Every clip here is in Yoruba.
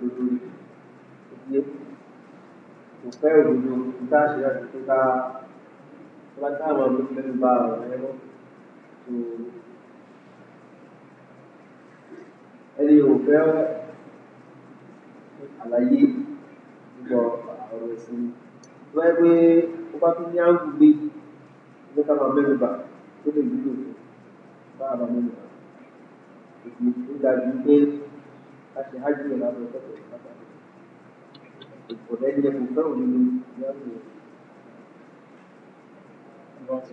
òdodo yé kò fẹ́ òdodo nígbà tí a ti ká bá táwọn ọmọ tó fẹ́ bá ọ̀rọ̀ ẹ lọ tó ẹni ò fẹ́ àlàyé gbọ ọ̀rọ̀ ẹ̀sìn wọ́n yẹ pé ó bá tún ní áńgù gbé ní ká máa tó lè wúlò bá bá mẹ́rin bá èyí láti hájú rẹ̀ lábẹ́ ọ̀tọ̀tọ̀ pàtàkì. Ọ̀dẹ́ ni ẹkùn fẹ́ òní ni ìyáàbò ọba tó. Ládàá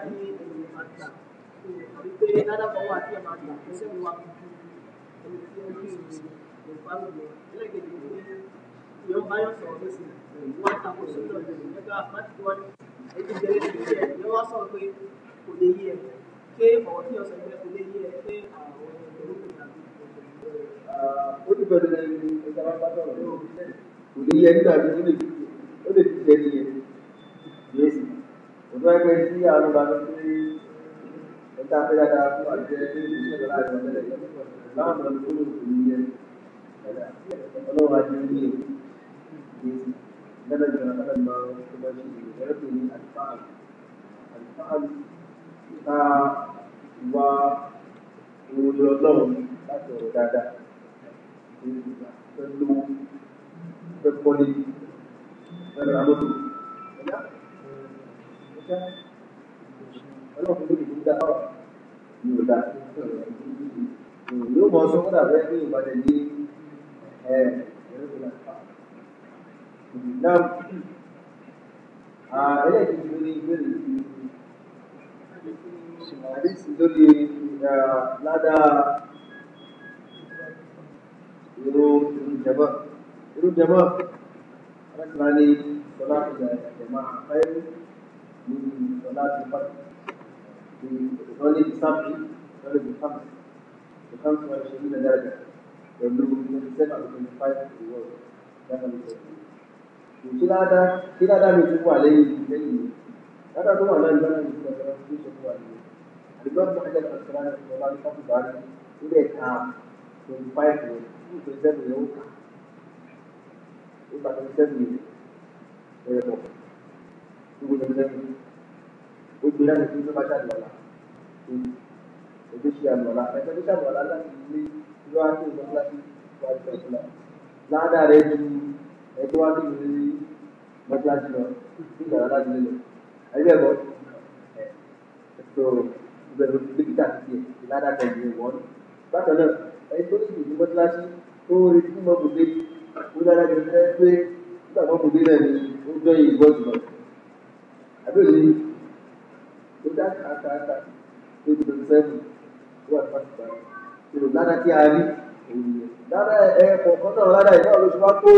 tí ènìyàn máa gbà, àbí pé ládàá kan wà tí ẹ̀ máa gbà, ẹsẹ̀ mi wà tuntun òní yẹ nígbà tí ó lè ó lè fi jẹ nìyẹn yéésì òtún ẹgbẹ́ tí àwọn ọba lọ sí ẹ̀ka fẹ́ dáadáa fún àjẹ́ ní ìṣẹ́ ìlọ́lá ìwọ̀n tẹ́lẹ̀ láwọn ọ̀nà tó lò fún yíyẹ ọlọ́run ajé ní èyí lẹ́lẹ̀ jọ̀rọ̀ lẹ́lẹ̀ máa ń tó bá ṣe ìrẹ́ tó ní àlùfáàlù àlùfáàlù ta wá ìwòye ọlọ́run láti ọ̀rọ̀ dáadáa pẹ̀lú pẹ̀pọ̀lì pẹ̀lú àmọ́tò ọlọ́run ló lè dá ọ̀rọ̀ ní ti àdéhùn lórí ní sọlá ìjọba ayé بتتولي بصبر بتتولي بخمس بخمس وعشرين درجة لو انه من سبع من فايف الوضع كما نتكلم وشيل هذا شيل هذا من شوفوا عليه زي هذا هو على الجنة من سبع من شوفوا عليه على بعض واحد الأسرار والله يفهم بعد وده كام من فايف الوضع من سبع الوضع وبعد من سبع الوضع ويا بابا وبعد من سبع gbé láti fi tó bá ṣàlùwàlà ètò ṣe àlùwàlà ẹ̀fẹ́ tó ṣàlùwàlà láti ilé ìlú àti ìlú láti wà ní ọ̀túnlá láàdá rẹ̀ ju ẹgbẹ́ wá sí ìlú mọ́tíláṣí lọ sí ìgbàlá láti lé lọ ẹgbẹ́ ẹ̀kọ́ ẹ̀tọ́ ìbẹ̀rù dókítà ti tiẹ̀ láàdá tẹ̀lé wọ́n bákan náà ẹni tó ní ìlú mọ́tíláṣí tó rí fún mọ́kùnlé ó dára jù pé nígbà mọ́kùnlé rẹ̀ ni ó jọ ìgbọ́ jùlọ àbí òní dá kàkàkà débi lórí sẹ́yìn tó wà nípa ìgbà ìrò ládà tí a rí ládà ẹ kọ̀ọ̀kan náà ládà yìí náà ló ti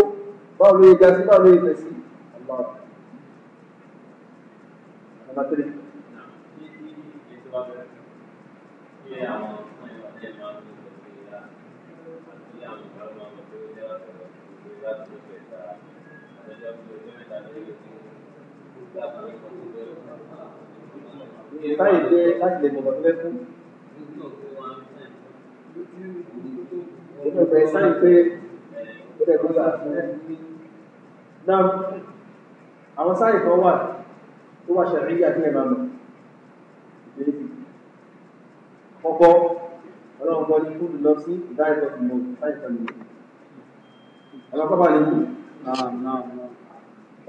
wá tó táyì jẹ́ láti lè mọ̀gbọ́n tó fún. Ó sáyìn pé ó bẹ̀rẹ̀ sáà fún ẹ. Náà àwọn sáyìn kan wà tó wà ṣẹ̀rí yà tí ẹ máa mọ̀. Ọkọ ọlọ́run bọ́ ní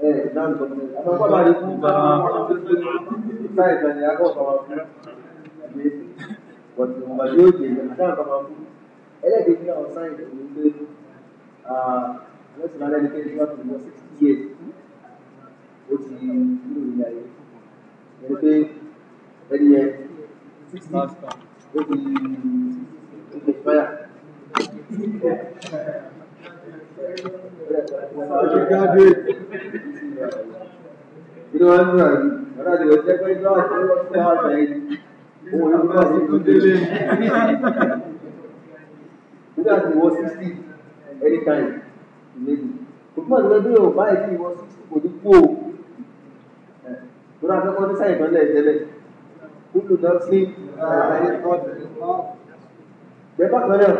ẹlẹ́gbẹ̀ẹ́ náà sáyẹn tó ń gbé wọ́n ti máa lẹ́nu pé nígbà tó ń bọ̀ sixty years ó ti kúrò ní ayé ẹni pé ẹni yẹn sixty ó ti ó ti fẹ́yà nígbà tí wọ́n sixty anytime maybe kò túmọ̀ nígbà tí yóò bá ẹ̀ tí wọ́n sixty kò ní kú o lórí akẹ́kọ̀ọ́ ní sáyẹ̀ tọ́lẹ̀ tẹ́lẹ̀ kúlù náà sí ẹ̀ bákan náà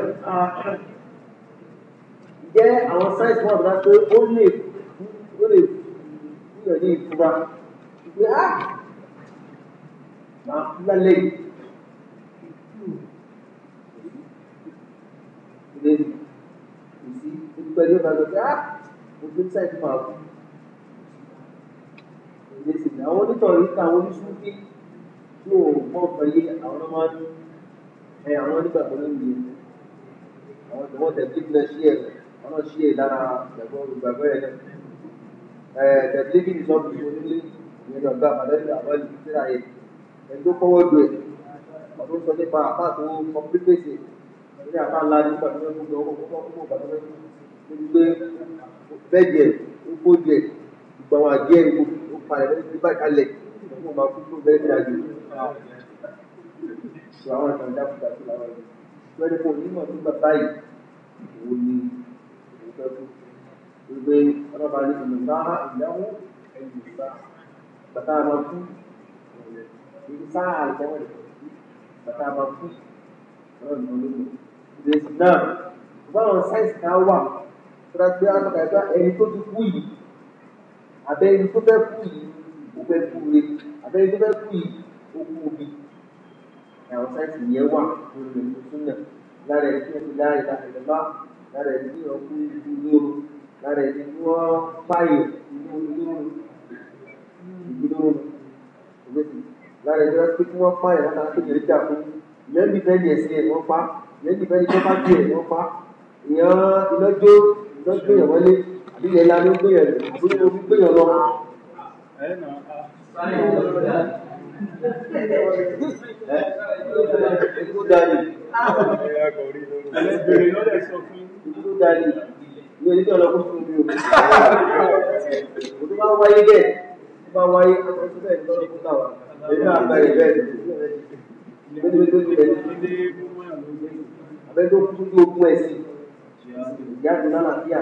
jẹ́ àwọn sáyẹ́ǹsì wọn àbúrá pé ó lè ó lè fúyọ̀ ní ìfúra pé ah, á máa fún lálẹ́ yìí. Ilé kò sí olùgbẹ́ ní ọ̀gá lọ́sẹ̀ á òfin sáyẹ́ǹsì máa fún. Ilé sì ni àwọn onítọ̀rí ká àwọn oníṣúfí tí ò mọ̀ ọ̀kan yé àwọn ọmọ ẹ àwọn onígbàgbọ́ lórí yẹn. Àwọn ìdánwò tẹ̀síkì lọ sí ẹ̀rọ ọlọ́run ṣe é lára ìgbàgbọ́ olùgbàgbọ́ yẹn náà tẹ̀síkì ní sọ́ọ̀bù yìí onílé ìyẹn lọ́gbà màlẹ́lì àwọn ìlú síra yẹn ẹni tó kọ́wọ́ ju ẹ̀ ọdún sọ nípa àpá tó kọ́mpútẹ́sì ní àpá ńlá nípa tó fẹ́ gbogbo ọkọ̀ kókó kókó bàtọ́ fẹ́ gbé bẹ́ẹ̀dì ẹ̀ ó kó ju ẹ̀ gbogbo àwọn àjẹ́ ẹ̀ ó parẹ́ lẹ́yìn tó bá kalẹ̀ ó máa kú tó bẹ́ẹ̀ ní àjò àwọn ìtàn ìdáàbò pẹ̀lú ìgbé ọlọ́ba ní ìmọ̀sára ìyàwó ẹ̀yìn ìgbà bàtà àmọ́ fún ìsára àìsàn bàtà àmọ́ fún ọlọ́run olóògbé. ìrètí náà báwọn sáìsì náà wà tọ́lá gbé àtàkà ìgbà ẹni tó ti kú yìí àbẹ́ ẹni tó fẹ́ kú yìí ó fẹ́ kú re àbẹ́ ẹni tó fẹ́ kú yìí ó kú bi. àwọn sáìsì yẹn wà lórí ìlú súnà lára ẹni tó ti láàrin láti lè bá lára ẹni tí wọ́n kú ibi lóru lára ẹni tí wọ́n fàyè inú lóru ibi lóru lára ẹni tí wọ́n fàyè wọ́n náà kékeré jà fún lẹ́bi bẹ́ẹ̀ ni ẹ̀sìn ẹ̀ wọ́n pa lẹ́bi bẹ́ẹ̀ ni tó bá di ẹ̀ wọ́n pa ìyẹn ìlọ́jọ́ ìlọ́jọ́ yẹn wọlé àbí ìyẹn lanu gbéyàn lọ àbí omi gbéyàn lọ. Ẹ kú dání. Ẹ bèrè lọ́dẹ̀ sọ fún yín ìdúró dáadé ní ẹni tí fún mi ò tó bá wáyé bẹ́ẹ̀ tó bá wáyé ọdún bẹ́ẹ̀ lọ́dún tó bá wà èmi náà gba ìbẹ́ abẹ́ tó kú ní ogún ẹ̀sìn ìyá àti lálàáfíà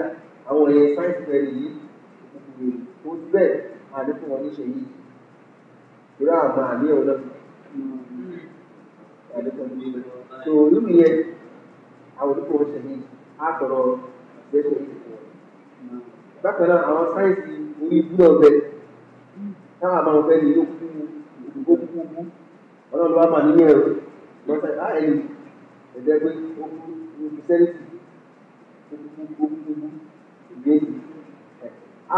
àwọn ẹ̀yẹ sáyẹ́ǹsì rẹ̀ yìí kò àtọ̀rọ̀ gbèsè bákan náà àwọn sáyẹ̀nsì orí ibú náà bẹ táwọn àbáwọn bẹ ní yókù ìdìbò kúkú kú ọlọ́run wa mà nínú ẹ̀rọ lọ́sẹ̀ á ẹ̀yìn ẹ̀dẹ́ pé ó kú ní sẹ́yìnsì kúkú kúkú ìgbésì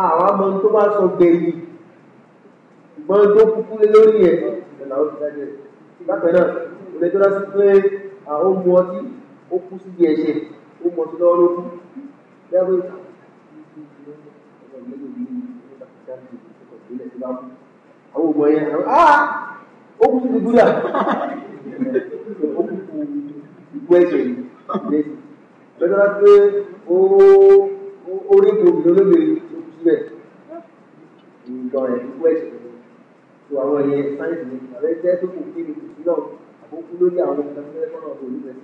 àwọn amọ̀ tó bá sọ gbẹ̀yìn ṣùgbọ́n tó kúkú lé lórí ẹ̀ ẹ̀là ó ti bákan náà olè sí pé àwọn ohun ọtí ó kú síbi ẹ̀ṣẹ̀ ó mọ sí lọ́wọ́ lókun lẹ́rù ìta àwọn ògbọ̀n yẹn ah ó kú sí ti búdà ó kú kú ìgbọ́ ẹ̀jẹ̀ yìí lọ́jọ́ pé ó orí ìgbòmìnira olóògbé ó kú síbẹ̀ ìgbọ̀n rẹ̀ ìgbọ́ ẹ̀jẹ̀ tó àwọn ẹ̀yẹ sáyẹ̀nsì ní ìgbàlẹ́ jẹ́ tó kù kí ni kù sí náà àkókò lórí àwọn ọ̀gá tó fẹ́ kọ́nà ọ̀dọ̀ olùgbẹ́sì.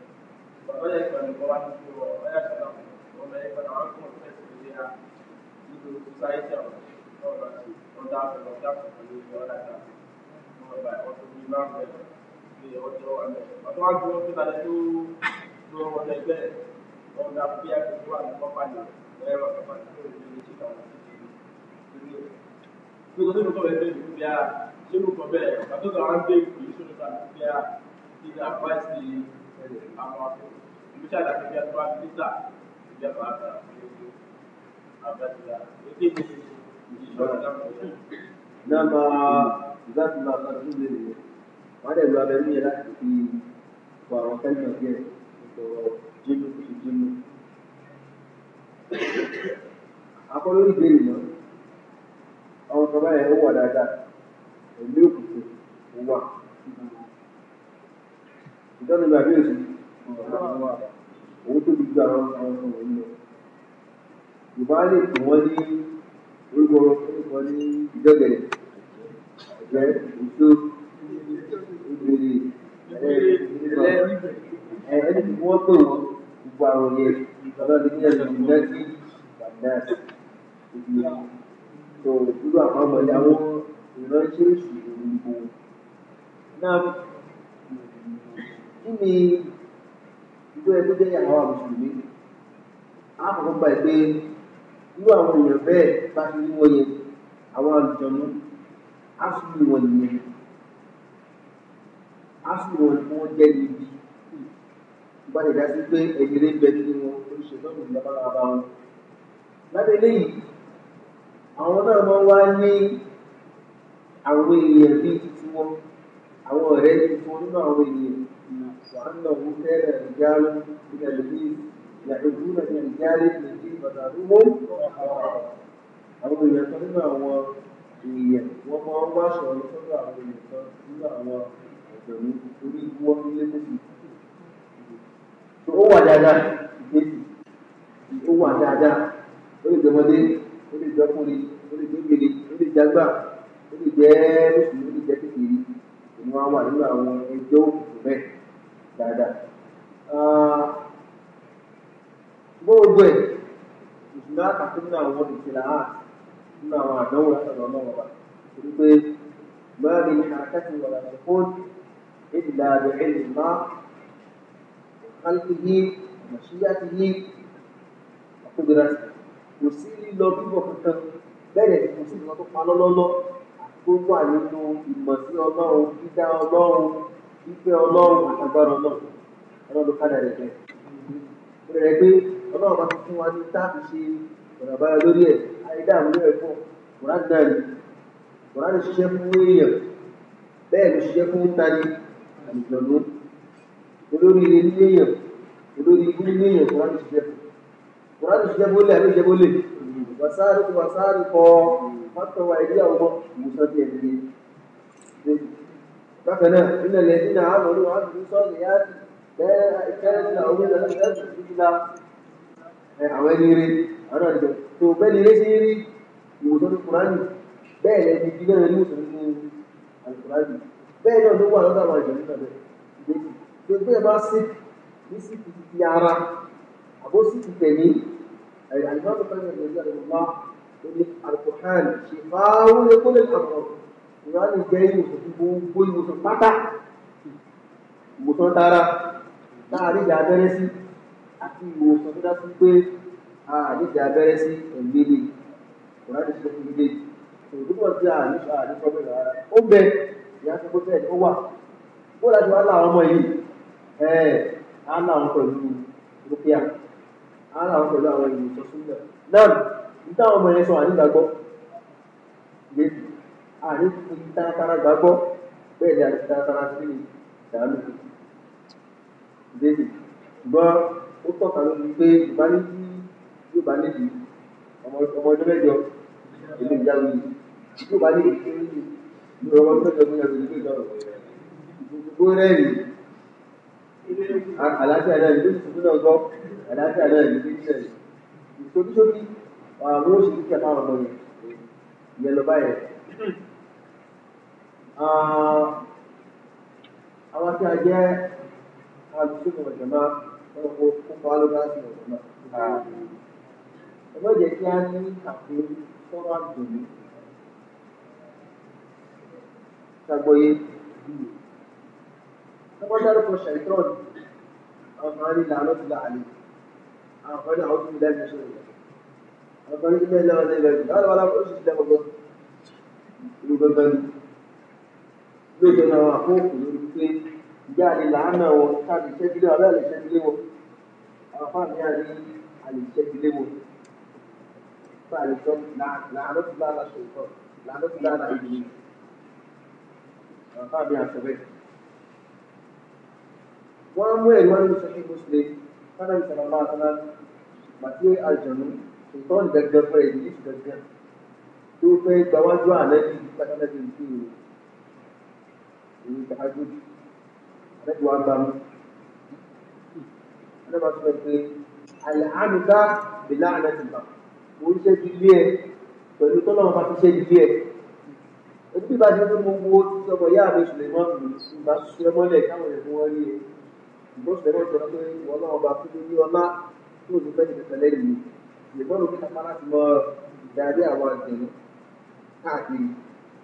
Gbogbo tó ada kerja tuan kita kerja bahasa nama zat bahasa sendiri oh, ada dua dari ialah di kawasan bagian apa lagi beri mana awak kau ada ada ìtọ́ni tó wọ́n ní orúkọ orúkọ ní ìjọ́gẹ̀dẹ̀ ẹ̀jẹ̀ èso ìgbèrè ẹ̀ ẹni tí wọ́n pè wọ́n gbogbo àrùn yẹn ìjọba ní kí ẹ̀sìn ìgbà tí kí ni ìjọ ẹgbẹ́ jẹ́ àwọn mùsùlùmí àkọ́kọ́ gba ẹgbẹ́ irú àwọn èèyàn bẹ́ẹ̀ bá fi wọ́ yẹn àwọn àlùjọ̀nù áṣùlù wọn nìyẹn áṣùlù wọn ni wọ́n jẹ́ níbi ìgbà lè dá sí pé ẹni lè bẹ nínú wọn oṣù tó ń bá bá wọn lábẹ́ eléyìí àwọn náà máa ń wá ní àwọn èèyàn bíi titi wọn àwọn ọ̀rẹ́ tuntun nínú àwọn èèyàn. وأنه كان رجال من الإبليس يعودون من رجال الذين بدلوهم àwọn èèyàn kan nínú àwọn èèyàn wọn máa ń wá aṣọ lọ́sọ́dọ̀ àwọn èèyàn kan nínú àwọn ẹgbẹ̀rún orí ikú wọn nílé ìgbésì ó wà dáadáa ó lè jọmọdé ó lè jọkùnrin ó lè jókèrè ó lè jágbà ó lè jẹ́ mùsùlùmí ó lè jẹ́ kékeré òun wá wà àwọn ẹjọ́ òkùnkùn bẹ́ẹ̀ dáadáa ah, gbogbo ẹ̀ ìṣúná àkókò àwọn ìṣẹ̀lẹ̀ hàn nínú àwọn àdánwò látọ̀dọ̀ náà wà torí pé mẹ́rin ní àkẹ́sìn wà láti fún ìdílé àbẹ̀rẹ̀ lè má kálífì yìí àmọ̀síyá ti yí àkójọra sí kò sí lílọ bíbọ̀ kankan bẹ́ẹ̀ ni kò sí ìmọ̀ tó pa lọ́lọ́lọ́ àti gbogbo àlejò ìmọ̀ sí ọlọ́run dídá ọlọ́run wípé ọlọ́run agbára ọlọ́run ọlọ́run ló kádà rẹ̀ jẹ́ ó rẹ̀ pé ọlọ́run bá fún wa ní táàbù ṣe ọ̀nà àbáyọ lórí ẹ̀ àìdáàmú lórí ẹ̀fọ́ kùránì náà ni kùránì ṣiṣẹ́ fún èèyàn bẹ́ẹ̀ ló ṣiṣẹ́ fún tani àlùjọ̀nù olórí ilé nílé èèyàn olórí ilé nílé èèyàn kùránì ṣiṣẹ́ fún kùránì ṣiṣẹ́ bólé àbí ṣiṣẹ́ bólé wàsáàrì kọ wàsáàrì kọ mọ́tò wa ìdí àwọn ọmọ ìmùsọ̀tì فكنا إن الذين عملوا عمل صالحات كانت العمل لهم أجر إلا عوالي ريد أنا أرجع تو بني ليسي ريد موسى القرآن بيلا يجينا نموسى القرآن بيلا نوبا هذا ما يجينا تو بيلا ما سيك نسيك تيارا أبو سيك تيني أي أنها تقرأ الله القرآن شفاء لكل الأمراض ìwádìí ń jẹ́ ìwòsàn gbogbo ìwòsàn pátá ìwòsàn tara láàrin ìjà abẹ́rẹ́ sí àti ìwòsàn tó dájú pé àárín ìjà abẹ́rẹ́ sí ẹ̀mí ni ìwádìí ṣe fún ilé ìdúgbò tí àárín àárín sọ́bẹ̀ rárá ó bẹ ìyá tó bẹ́ẹ̀ ó wà ó láti wá láwọn ọmọ yìí ẹ̀ á láwọn pẹ̀lú rúpíà á láwọn pẹ̀lú àwọn ìwòsàn súnmọ̀ náà nítawọn ọmọ yẹn sọ àdìgbàgbọ́ lẹ́yìn àní ti taratara gbàgbọ́ bẹ́ẹ̀ ni àti taratara sí ìdàlù débi ṣùgbọ́n ó tọ́ka lórí pé ìbánidí yóò bá níbi ọmọ ọdún mẹ́jọ èmi ìyáwó yìí yóò bá níbi tí ó ọmọ ọdún mẹ́jọ múlẹ̀ lórí ìgbésọ̀ gbogbo rẹ́ẹ̀rì àlàáfíà náà ìlú ìṣòwò náà gbọ́ àlàáfíà náà ìlú ìṣẹ̀ ìṣòwò sókè àwọn oṣù tó kẹta ọmọ yẹn ìyẹn lọ báyẹn. àwọn tí a jẹ́ alùsùnmù ìjọba wọn kò kópa lọ́dásí ìjọba. ẹgbẹ́ jẹ́ kí a ní àfihàn sọ́wọ́ àdùnnú ṣàgbọ́yé. wọ́n dárúkọ ṣàìtọ́n àwọn kan ní làánú ti láàlú àwọn kan ní àwọn tó ń lẹ́nu ṣe rẹ̀ àwọn kan ní ilé ẹlẹ́wọ̀n lẹ́nu lẹ́nu láwọn aláwọ̀ ó sì ti lẹ́nu gbọ́dọ̀ ìlú gbọ́dọ̀ ni. lóde náà wà fún òkú lórí pé ìyá àlè làánà wọn tàbí ìṣẹ́dílé wọn abẹ́ àlèṣẹ́dílé wọn àwọn fáàmì àlè àlèṣẹ́dílé wọn fún àlèṣọ́ làánà tó lára ṣòkò làánà tó lára ìlú àwọn fáàmì àṣẹbẹ̀. wọ́n mú ẹ̀rí wọn ní sọ́kí mùsùlùmí fúnra ìṣẹ̀lẹ̀ máa tán gbàtí àjọ̀nù ṣùgbọ́n gẹ́gẹ́ fún ẹ̀yìn ìṣẹ̀gẹ́ tó fẹ́ gbàwájú àlẹ́ yìí pátákó ní tahajud àlejò wa gbà mú àlejò wa sọ pé àlàánuká bìlá àlẹ́tìmá mo ń ṣe ilé ẹ pẹ̀lú tọ́lọ́mọ bá ti ṣe ilé ẹ ojú bí bàjẹ́ tó mo wo sọ̀rọ̀ yá mi sùlẹ̀mọ́ mi bá sùlẹ̀ mọ́lẹ̀ káwọn ẹ̀ fún wọn rí ẹ ìgbọ́n sùlẹ̀mọ́ sọ pé wọn ti fẹ́ ti àwọn àgbẹ̀rẹ̀ káàkiri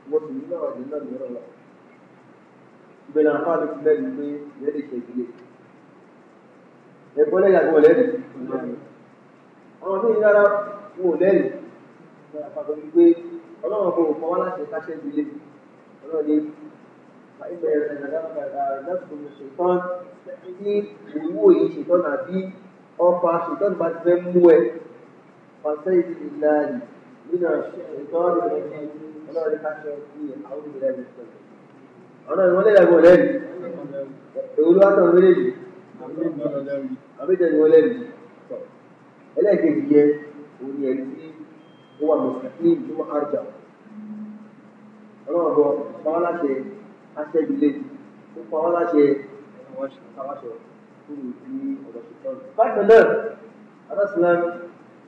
wọ́n sì ní náà àgbẹ̀ náà lọ́rọ̀ ìbẹ̀rẹ̀ àwọn fáwọn ti lẹ́nu pé lẹ́nu ìṣe ìdílé ẹ̀gbọ́n lẹ́yìn àgbọ̀n lẹ́nu àwọn tó ń yára wò lẹ́nu àpapọ̀ wípé ọlọ́run kò kọ́ wá láti káṣẹ́ ìdílé ọlọ́run ní ìbẹ̀rẹ̀ lẹ́kùn ṣètọ́n ní ìwúwo yìí ṣètọ́n àbí ọ̀pá ṣètọ́n bá ti fẹ́ mú ẹ pàṣẹ ìdílé láàyè nínú ṣètọ́n ọ̀nà ìwọlé ìdàgbọ̀ lẹ́nu èwúlú wá tàn méjèèjì àbíjẹ ni wọ́n lẹ́nu ẹlẹ́ẹ̀kejì yẹ òun ni ẹni tí ó wà mọ̀sàkín tó máa àrùjà ọlọ́run bọ̀ pàwọn láṣẹ aṣẹ́gilé ó pàwọn láṣẹ àwáṣọ kúrò ní ọ̀dọ̀ ṣùgbọ́n. bákan náà adásílám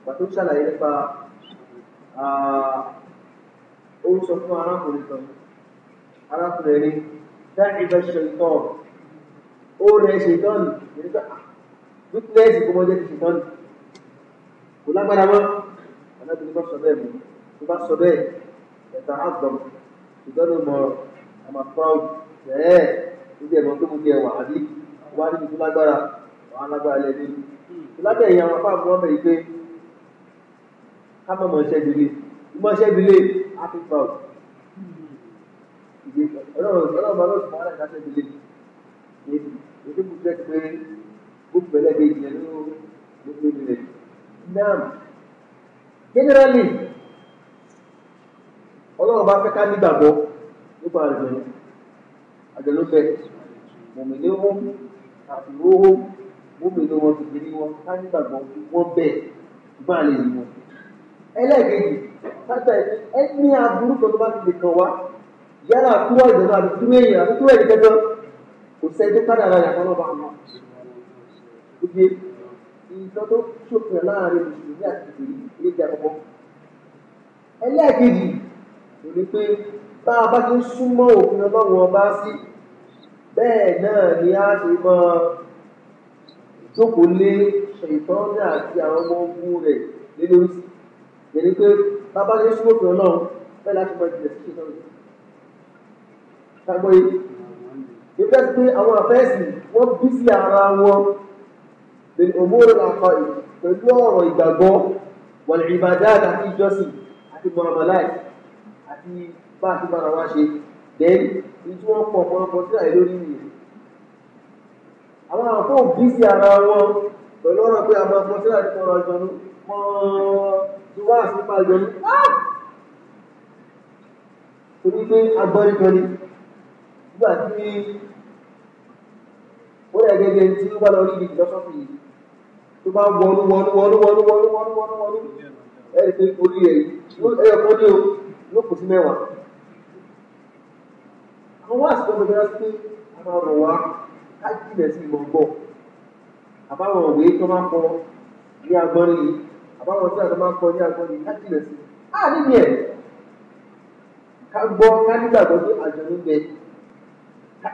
pàtó ṣàlàyé nípa ó ń sọ fún arákùnrin kan arákùnrin dáì bẹ ṣètọ́ ó rẹ ṣètọ́nù nígbà ah, wípẹ́ẹ̀sì kó mọ́jẹ́ ti ṣètọ́nù kò lágbára mọ́ alábìnrin bá sọ bẹ́ẹ̀ mú tó bá sọ bẹ́ẹ̀ ẹ̀ta àgbọ̀n ṣètọ́nù mọ́ àmà proud bẹ́ẹ̀ níbi ẹ̀mọ́ tó mú jẹ wà á bí wà á níbi tó lágbára wà á lágbára lẹ́ni lábẹ́ ìyá wọn fáwọn ọmọ bẹ̀ yìí pé ká mọ̀ proud ìgbésẹ̀ ọlọ́run ọlọ́run bá lọ́sùn máa ń rà ṣẹ́ ìdílé èsì èsì kò jẹ́ pé gbogbo generally ọlọ́run bá fẹ́ ká nígbàgbọ́ nípa àjọyọ̀ àjọyọ̀ bẹ́ẹ̀ mọ̀mìnì wọn àfìwọ́ wọn mọ̀mìnì wọn kìkìrì wọn ká nígbàgbọ́ wọn bẹ́ẹ̀ gbọ́n àlejò wọn ẹlẹ́gbẹ̀ẹ́ yìí pátá ẹni aburú kan tó bá ti lè kàn wá yálà kúrò ìdáná àti kúrò èèyàn àti kúrò ìdẹ́gbẹ́ kò sẹ́ni tó kádàrà yàtọ̀ lọ́ba àmọ́ gbogbo nǹkan tó ṣòfin láàrin mùsùlùmí àti ìbèrè ilé ìjà àkọ́kọ́ ẹlẹ́ẹ̀kejì kò ní pé bá a bá ti ń súnmọ́ òfin ọlọ́run ọba sí bẹ́ẹ̀ náà ni a ṣe máa jókòó lé ṣètọ́nà àti àwọn ọmọ ogun rẹ̀ lé lórí sí yẹn pé bá a bá ti ń súnmọ́ òfin ọlọ́run bẹ́ẹ̀ láti máa jìnà sí ṣètọ́nà sàgbọ́ yìí ìgbà tí àwọn àfẹ́sì wọ́n bí sí ara wọn lè òmóòrò àkọ́ pẹ̀lú ọ̀rọ̀ ìgbàgbọ́ wọ̀lẹ̀ ìbàdá àti ìjọsìn àti muhammadai àti bá àti bára wá ṣe dẹ́n ní tí wọ́n pọ̀ pọ̀ sí àìló ní ìyẹn àwọn àfọ́ bí sí ara wọn pẹ̀lú ọ̀rọ̀ pé àwọn ọmọ sílẹ̀ àti ọ̀rọ̀ ìjọ̀nù wọ́n ti wá àsìkò àjọ̀nù torí pé agbọ́rí kan ni nígbà tí ó rẹ̀ gẹ́gẹ́ tí ó bá lọ rí ibi ìlọ́sọ́fì yìí tó bá wọnú wọnú wọnú wọnú wọnú wọnú wọnú wọnú ẹ̀rí pé orí ẹ̀ ẹ̀yọ kó ní o ló kù sí mẹ́wàá. àwọn àsìkò ọmọdé wá sí pé a máa rọ̀ wá ká jìnà sí ìmọ̀ bọ̀ àbáwọn òwe tó máa kọ ní agbọ́n yìí àbáwọn ń bẹ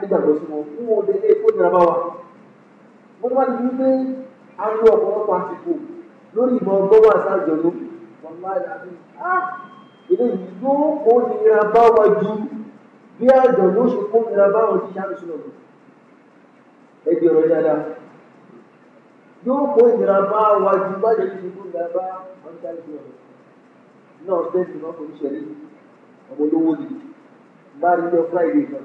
nígbàgbọ́ sí wọn fún òde ilé kó nira bá wa wọ́n wá ní pé a lo ọ̀pọ̀lọpọ̀ àsìkò lórí ìmọ̀ ọgbọ́n àṣàjọ ló wọ́n má yà á bí eléyìí yóò kó nira bá wa ju bí àjọ ló ṣe kó nira bá wọn ti ṣáà lóṣù lọ́dún ẹbí ọ̀rọ̀ dáadáa yóò kó nira bá wa ju bá yẹ kó nira bá wọn ti ṣáà lọ́dún náà ṣẹ́ẹ̀sì máa kò ní ṣẹlẹ̀ ọmọ olówó ni bá a nílò friday kan.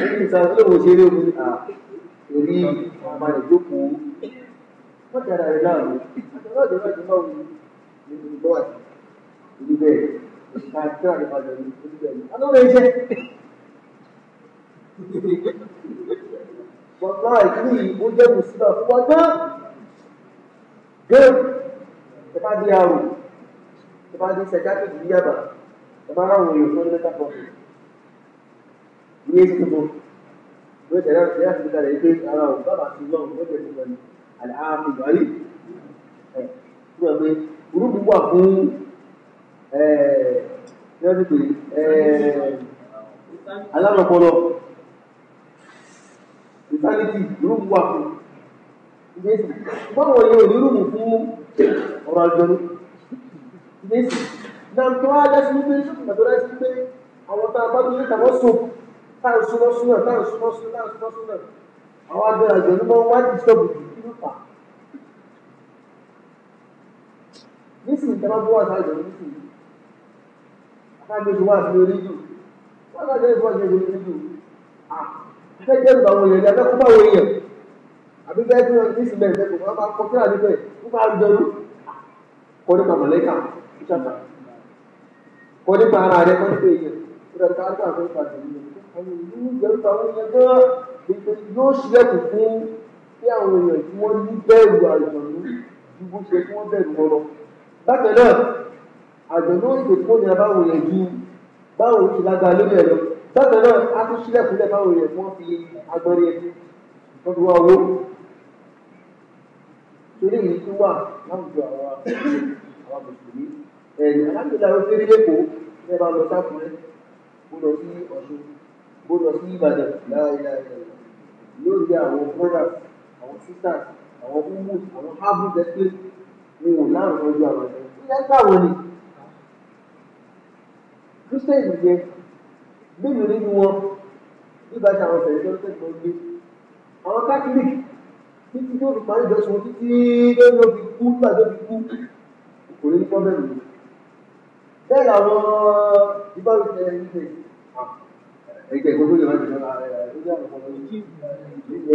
ẹni sọ lóun ṣe eré omi à orí ọmọ rẹ̀ jókòó wọ́n dára rẹ̀ láàmú lọ́dọ̀ náà ti máa wù ní ìgbọ́ àti ìlú bẹ́ẹ̀ ká tí wà nípa lọ́dọ̀ ní ìlú bẹ́ẹ̀ ni. àlọ́ rẹ̀ ilé ìdìbò ló ṣẹlẹ̀ ṣẹlẹ̀ láti gbígbà rẹ̀ pé ara ò bàbá ti lọ ó jẹ́ ìgbà ní àlàáfíà ìgbàlè ẹ̀ tí wọ́n pé gúrúùpù wà fún ẹ̀ ẹ̀ ẹ̀ alámọ̀pọ̀lọ ìtàlítì gúrúùpù wà fún ìgbésí báwo ni onírúurú fún ọ̀rọ̀ àjọyọ̀ ìgbésí náà tó wá dá sí wípé ìgbà tó dá sí wípé àwọn tá a bá tó lé tàbọ̀ sóòpù táà súnmọ́ súnmọ́ táà súnmọ́ súnmọ́ táà súnmọ́ súnmọ́ àwọn abẹ́rẹ́ àjọ ní wá dìstọ́bù jù kí ló nísìnyí tẹ́ bá bọ́ wà sáàjọ nísìnyí akágbèsè wà sí orí jù wọ́n sáàjọ ìfọ̀ ṣe orí jù à fẹ́ jẹ́ ìgbà wọ̀nyẹn ni bá wọ̀nyẹ àbí bẹ́ẹ̀ tí wọ́n nísìnyí bẹ́ẹ̀ bẹ́ẹ̀ kò máa kọ́ kọ́ nípa ẹ̀yìn ìlú Jerusalem yẹn gan ìpè yóò ṣílẹ̀kùn fún kí àwọn èèyàn tí wọ́n ní bẹ̀rù àjọ̀nú ju bó ṣe kí wọ́n bẹ̀rù wọn lọ. bákan náà àjọ̀nú ìpè tó nira báwọn èèyàn ju báwọn ti lágbára lórí ẹ̀ lọ bákan náà a tún ṣílẹ̀kùn lẹ̀ báwọn èèyàn tí wọ́n fi agbọ́nrin ẹ̀ wọ́n fi wá owó torí yìí tún wà láwùjọ àwọn àwọn mùsùlùmí ẹ̀yìn alágbèlà ó kéré lẹ́kọ̀ọ́ ẹ bá lọ sáfùrẹ́ gbọ́dọ̀ sí ìbàdàn láìláì lórí àwọn brothers àwọn sisters àwọn umus àwọn habus ẹgbẹ́ wọn ò láwọn ọjọ́ àwọn ẹgbẹ́ ilé ẹgbẹ́ ni christian yẹ gbẹmí nínú wọn nígbà tí àwọn fẹ̀rẹ̀ tó ń gbé àwọn catholic títí tó fi parí ìjọsìn wọn títí tó ń lọ fi kú nígbà tó fi kú kò ní ní pọ́bẹ́ẹ̀mù bẹ́ẹ̀ làwọn ìbáwí ẹ̀ ń tẹ̀ àwọn ẹgbẹ́ ìgbógun ló máa wá rẹ́gbẹ́rẹ́ sí gbé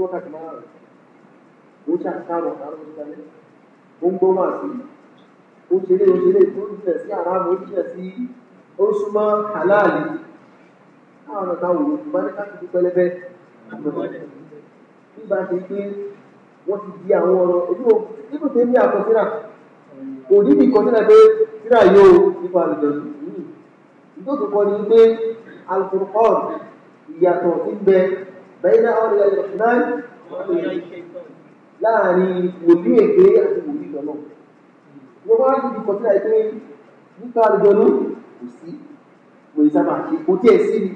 ó wákàtí márùn-ún. Ó ṣàkárọ̀ àrùn ìdálẹ́. Ó ń gbọ́ máa sí i ó ṣeré ó ṣeré tó ń jìnà sí àràmù ó jìnà sí ó súnmọ́ àláàlì àwọn ọ̀nà táwọn òwò bá ní káàkiri pẹlẹbẹ nígbà tí pé wọ́n ti di àwọn ọ̀rọ̀ ojúmọ̀ nínú tèmi àkọsílà kò ní bí kọsílà pé síra yóò nípa àlùjọ̀dù yìí ìdókè kọ́ ni pé alukórukọ́ọ̀n ìyàtọ̀ ti bẹ bẹ́ẹ̀ ọ̀rẹ́ ẹ̀yọ̀ náà láàrin wòlíì èké àti wòlíì lọ́nà wọ́n bá ti di kọ̀tí láì pé nípa àlùjọ̀nú kò sí kò ní sábà ṣe kò tiẹ̀ sí ni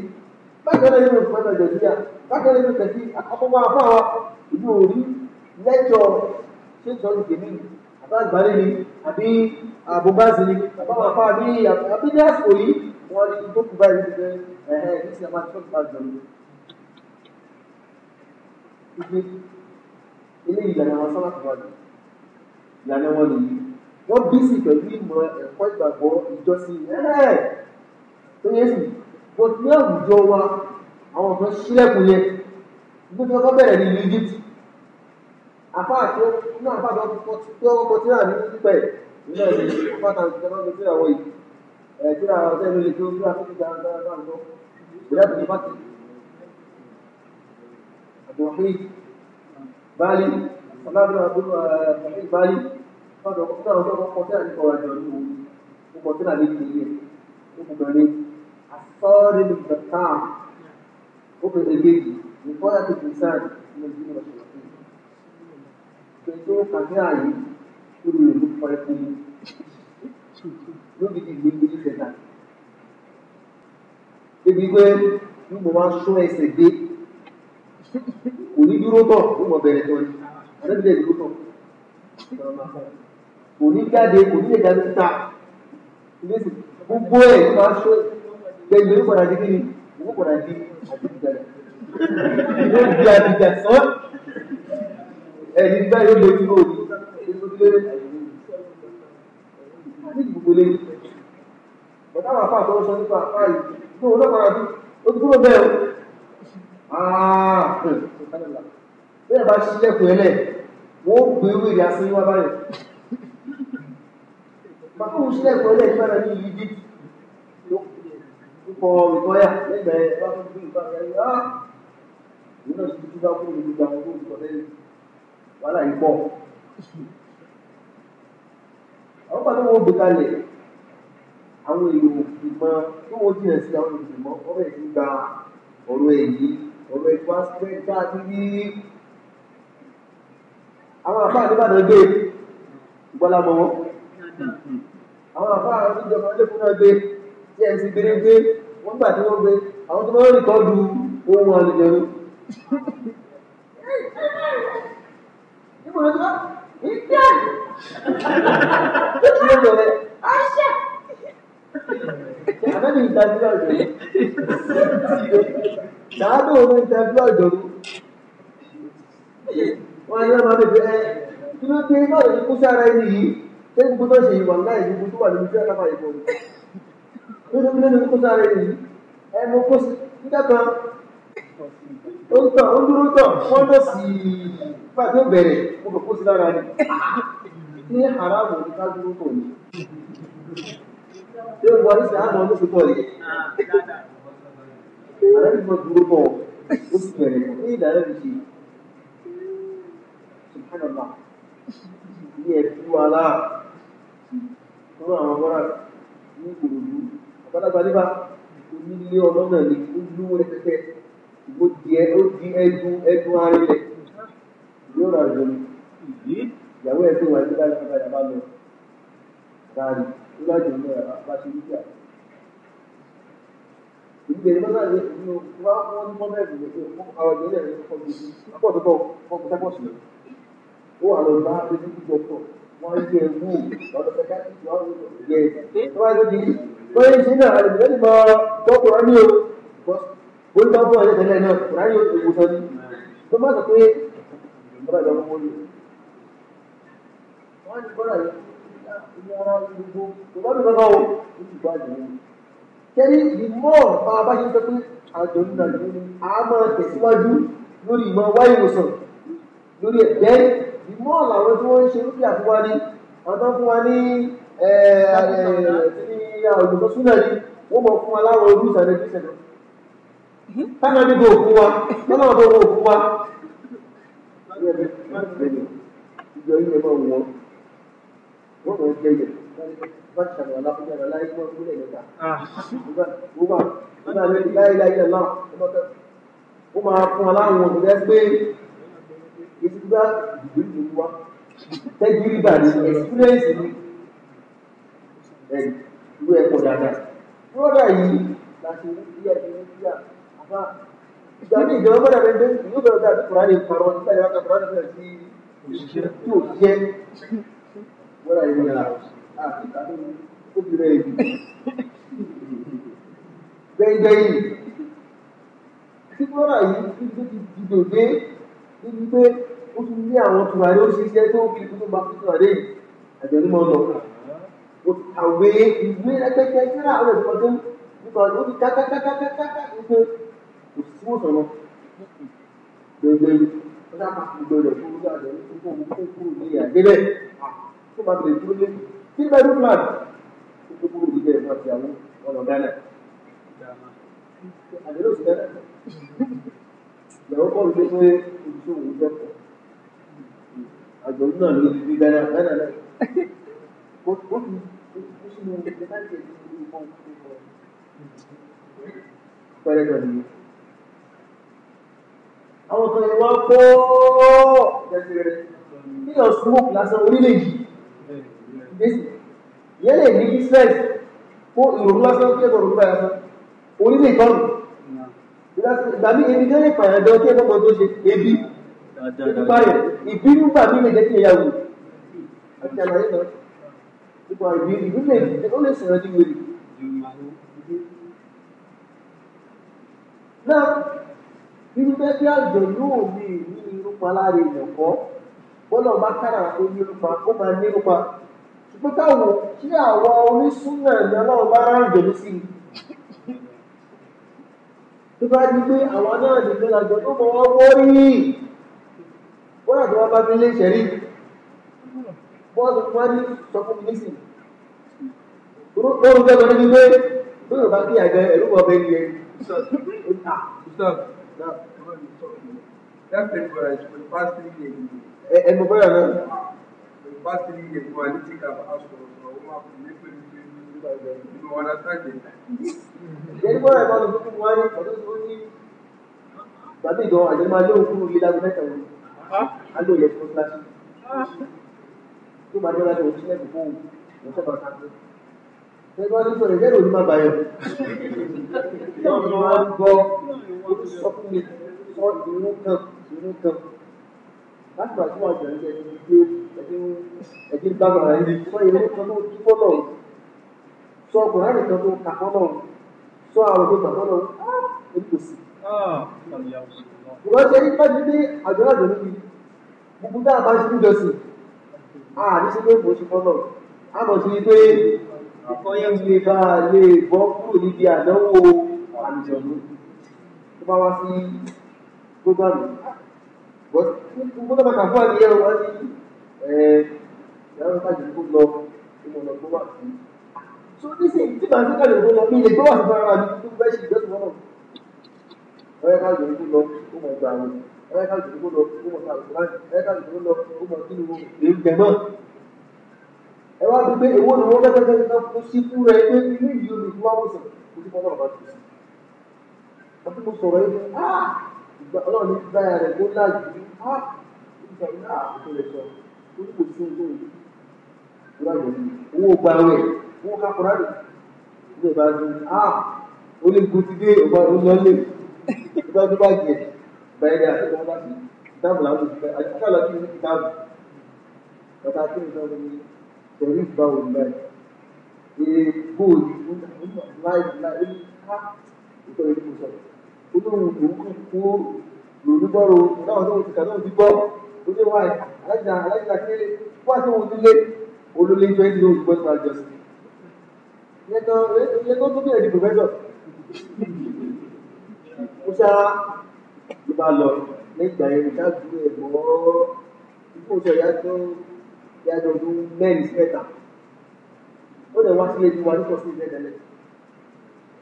bákan náà nínú ìfọ̀nà ìjọ̀síyà bákan náà nínú kẹ̀sí àkọ́kọ́ afọ́ àwọn ìlú òní lẹ́jọ́ ṣé ń sọ́ọ́ ìgbèmí ni àbí àbúbáàsì ni àbá àwọn afá àbí àbídé àsìkò yìí wọ́n ní tó kú báyìí ṣe ẹ̀hẹ́ ní sinimá tó kú àjọ̀nú. ilé ìlànà àwọn sọ́lá kò wájú ìlànà wọn nìyí wọ́n bísí pẹ̀lú ìmọ̀ ẹ̀kọ́ ìgbàgbọ́ ìjọsìn ẹ̀ẹ́ tó yẹ sì bó ní àwùjọ wa àwọn kan ṣílẹ̀kùn yẹn gbogbo ọkọ bẹ̀rẹ̀ ní Egypt àfa àti inú àfa àti ọkọ tí wọ́n ní pípẹ́ nínú ẹ̀sìn àfa àti ìjọba tó tẹ̀lé àwọn yìí ẹ̀ tí àwọn ọ̀sẹ̀ ló lè tó tó àti ìgbà àgbà àgbà àgbà ìgbà tó ní bá ti àbọ̀hìn báàlì ọ̀làdùn àbúrò àbọ̀hìn báàlì lọ́dọ̀ ọkọ̀ sílẹ̀ ọjọ́ ọkọ̀ sílẹ̀ nípa ọ̀rọ̀ ìjọ̀lú o kọ̀ sílẹ̀ ní ìdílé o kò bẹ̀rẹ̀ asọ́ọ̀rì ní ìgbàta o kò ṣe gbèjì ní fọ́nà tó ti sáà ní ìdílé ọ̀ṣọ́ pẹ̀lú kàdé àyè lórí ìlú kọ́ ẹ̀kọ́ mi lórí ìlú ìlú ìfẹ̀dà ebi pé ní mo máa sún ẹsẹ̀ gbé kò ní dúró tọ̀ ó mọ̀ bẹ̀rẹ̀ tọ̀ ni àdébìlẹ̀ dúró tọ̀ kò ní jáde kò ní lè jáde síta gbogbo ẹ̀ máa ṣó gbẹgbẹ yóò padà di kí ni owó padà di àdìgbàdà yóò di àdìgbà sán ẹni bá yóò lè dúró ní gbogbo lè bọ̀dá àwọn afá àtọwọ́ sọ nípa afá yìí ní òun náà padà bí ó ti dúró bẹ́ẹ̀ o bẹ́ẹ̀ bá ṣílẹ̀kùn ẹlẹ̀ wọ́n gbé wíìlì asínwá báyìí ìgbà tó ń sílẹ̀ pẹ̀lú ìgbàlá ní ìdí púpọ̀ ìtọ́yà lẹ́gbẹ̀ẹ́ bá tún bí nǹkan rẹ̀ yá ìlú náà ti dúdá fún ìlú ìgbà tó ń sọ lẹ́yìn wàhálà yìí pọ̀. àwọn pàtó wọn gbé kalẹ̀ àwọn èèyàn ìgbà tó wọ́n jìnà sí àwọn ìgbìmọ̀ ọ̀rẹ́ ti gba ọ̀rọ̀ èyí ọ̀rọ̀ ìgbà pẹ́ káàkiri àwọn àbá àdébàdàn gbé ìgbọ́lámọ́ wọn àwọn àfa àwọn tó jọba lẹ́kùn náà gbé tí ẹ̀ ti gbére gbé wọ́n gbà tí wọ́n gbé àwọn tó máa ń rìkọ́dù ohun àlùjẹ̀rù. níbo ló ti wá ìdí àná tó ti lè lọrẹ àṣà. àbẹ́ni ìtajú àjọ̀rú sàádọ́ ọmọ ìtajú àjọ̀rú wọ́n á yẹ máa bẹ̀rẹ̀ kí ló dé báwo ni kó sára ẹni yìí ṣé gbogbo tó ṣe ìwà ńlá yìí gbogbo tó wà lórí tíráta fà ìbò rẹ̀ lóṣù tó lóṣù kó sáré yìí ẹnu kó nígbà kan ó ń tàn ó dúró tàn wọ́n lọ sí ìgbà tó bẹ̀rẹ̀ mo kò kó sí lára ni ní haramu ní ká dúró tàn ni ṣé gbogbo àdìsí àmọ́ ló fi tọ̀ yìí àrẹ́ mi mọ dúró tàn ó sì bẹ̀rẹ̀ ní ìdàrẹ́ mi ṣe subhanallah ní ẹ̀dúwàlá nínú àwọn bọ́lá ní ìgbòròdú àbálàgbà níbà onílé ọlọ́nà ni ó lówó rẹpẹtẹ ó di ẹdun ẹdun arinlẹ̀ yóò rà jù ní ìyàwó ẹ̀ tó wà ní báyìí nípa ìyàbá lọ láàrin ó lájò ní ọ̀rọ̀ bá ṣe wíjà. Ìgbè ní bọ́lá rẹ̀ ní o wá wọ́n ní mọ́mẹ́rin rẹ̀ pé àwọn ìdílé rẹ̀ kọ́ mi sí wọ́n yé ewu lọ́dọ̀ sẹ́kẹ́tìtì ọ̀hún yé tó wáyé tó di wọ́n yé sínú àwọn ènìyàn ti mọ gbọ́kùnrin ní o wọ́n bá bọ́ ẹ̀rẹ́ tẹ́lẹ̀ náà kùnrin ní o sọ ní tó má sọ pé bọ́dà yọ ọmọ olú wọ́n ní bọ́dà yọ ìyá ara gbogbo tó bá dùn lọ́wọ́ o ti gbọ́ àjẹ́ wọn. kẹ́rí ìmọ̀ bá a bá ṣe sọ pé tẹ̀síwájú lórí ìmọ̀ wáyé ìwòsàn lórí ẹ̀ ìmọ̀ làwọn tí wọ́n ń ṣe rúbíà fún wa ní àwọn tó fún wa ní ọ̀dùnkọ́ súnà ní wọ́n mọ̀ fún wa láwọn ojú ìsàlẹ̀ bí ìsẹ̀lẹ̀ tánà ní bò fún wa tánà bò wọ́n fún wa. ìjọ ilé máa wọ̀ wọ́n mọ̀ jẹ́ yẹ bá ṣàlùwà lápújára láyé wọ́n kúlẹ̀ níta. wọ́n bá láyé láyé lọ́wọ́ wọ́n máa fún wa láwọn èsì bí wọ́n dìgbò ìdè wá tẹ́jú rí gbàdé ẹ̀sìpírẹ́ǹsì ni ìlú ẹ̀kọ́ dáadáa. Búrọ́dà yìí láti rí bí ẹ̀jẹ̀ ní bí àbá ìgbà ní ìjọba gbọ́dọ̀ bẹ́ẹ̀ bẹ́ẹ̀ yóò bẹ̀rẹ̀ dáa bí Kùránì parọ́ nígbà yàrá kan Kùránì bẹ̀rẹ̀ sí tí ò jẹ́ búrọ́dà yìí ni ó fi rẹ̀ yìí. yìí tí búrọ́dà yìí ti dé níbi pé ó tún ní àwọn tùràrí ó ṣiṣẹ́ tó ń kiri tó máa fi tùràrí yìí ẹ̀jẹ̀ ní máa ń lọ fún un. àwẹ̀ ìwé ẹgbẹ́jẹ síra àwọn ẹ̀sìn kan nípa ó ti ká kákákákákáká ní pé kò sí wò sọ̀nà gbẹgbẹ ó dá máa fi gbọdọ̀ fún un láàjọ ní kókó òun kó kúrò ní ìyàgbélẹ̀ ah, tó máa tẹ̀lé dúró lé sí bẹ́ẹ̀ dúró náà kó kó kúrò níbẹ̀ náà lọ́wọ́ kọ́ ló pé ojú òun kẹ́kọ̀ọ́ àjọ náà ló ti di dáná dáná náà ó fi ó sínú ẹgbẹ́ láti ẹ̀dínwó ìlú kan tó kọ́ pẹ́rẹ́ kan nìyẹn. àwọn kan ni wọ́n kọ́ jẹjẹrẹ bí yọ smoke lásán orílẹ̀ yìí ìyẹn lè ní business kó ìrònú lásán kí ẹ̀kọ́ rògbò báyà orílẹ̀ ìtọ́nù ìgbà mí ebi gẹ́lẹ́ pààyàn dán kí ẹ lọ́mọ tó ṣe ebi pààyàn ìbínú gbà mí lè jẹ́ kí ẹ yà wò àti àlàyé náà nípa ìbínú ìbínú lè ó lè sọ̀rọ̀ ní wèrè. náà nínú bẹ́ẹ̀ bí àjọ yóò mi ní irúpa lára èèyàn kọ́ bọ́lá ọba kára tó ní irúpa ó máa ní irúpa ṣùgbọ́n káwọn kí àwọn onísúnà ìyá náà bá rán ìjọba sí i tó bá di pé àwọn náà nìkan làjọ tó mọ wọn wọrí wọn àti wọn bá fi lé ìṣẹ̀rí bọ́ọ̀sì wọn ní sọ fún mi nísìn lórí tó lọ níbi pé bí yorùbá kí àjẹ ẹ̀rú bọ̀ bẹ́ẹ̀ yẹ. Ẹnu bẹ́ẹ̀ náà. Gbàgbé ìdánwò àjẹ́ máa lóhùn kúrò yìí lágbo mẹ́ta wọn. Á lò yẹ fún kíláàsì. Tó máa dọ́ra lọ sí ẹ̀kọ́ fún òun sábà ká tó. Ẹgbẹ́ wọn sọ̀rọ̀ ìjẹ́rò ní máa bàyẹ̀. Ìjọba ni wọ́n gbọ́ orí sọ fún mi sọ ìrú kan ìrú kan. Láti sọ kùránì kan tó kà fọ́nà sọ àwọn tó kà fọ́nà ètòsí. ìwọ́n ṣe ní pẹ́ẹ́jú ní àjọ́lájọ́ níbi gbogbo tá a bá ṣe níjọsìn àní sí pé kò ṣe fọ́nà a mọ̀ sí pé ìkọ́yẹ́ ti lè bá a lè bọ́ kúrò níbi àdánwò àlùjọ̀nù tó bá wá sí gbógbàmù. gbogbo tó bá kà fún àdìyẹ wọn ní ẹ̀ẹ́dẹ́gbẹ̀ta jù kó lọ nínú ọ̀nà tó wà sí tó ẹ wá gbé owó ni wọ́n fẹ́ fẹ́ fẹ́ kó sí fún rẹ pé ilé ìlú mi fún àwòsàn kò sí fọ́nà bá ti àti mo sọ̀rọ̀ yìí ìgbà ọlọ́run ní báyà rẹ̀ kó láàyè ìgbà náà àkókò rẹ̀ sọ orí kò sí ohun tó ń lò owó gbà wẹ̀ wọ́n ká kúrò àdùn ní ìbá ju a onígun ti dé ọba olùlọlé ìbá tó bá jẹ bẹ́ẹ̀ ni àti ìbá ti dáàbò láwùjọ ìfẹ́ àtúntà láti ní dáàbò bàtà tí mo sọ ní sẹrí ìgbà wò lẹ ee bóòlù láì láì ká ìtọ́ ìlú sọ olóhùn òun kò lòlúbọ̀rọ̀ náà lóhùn ti kà náà ti gbọ́ olóhùn àìsàn aláìsàn aláìsàn kéré wá sí òun nílé olólè ìjọ ìlú òun gbọ́dọ̀ àjọsìn ìyẹn kan ìyẹn kan tó bẹ̀rẹ̀ di professor ó ṣá ló bá lọ nígbà yẹn ìṣáàjú ẹ̀gbọ́n ìfowóṣọ ìyájọ́ ìyájọ́ ọdún mẹ́rin sí mẹ́ta ó lè wá sí ẹni wa nípa sí ìfẹ́ tẹ́lẹ̀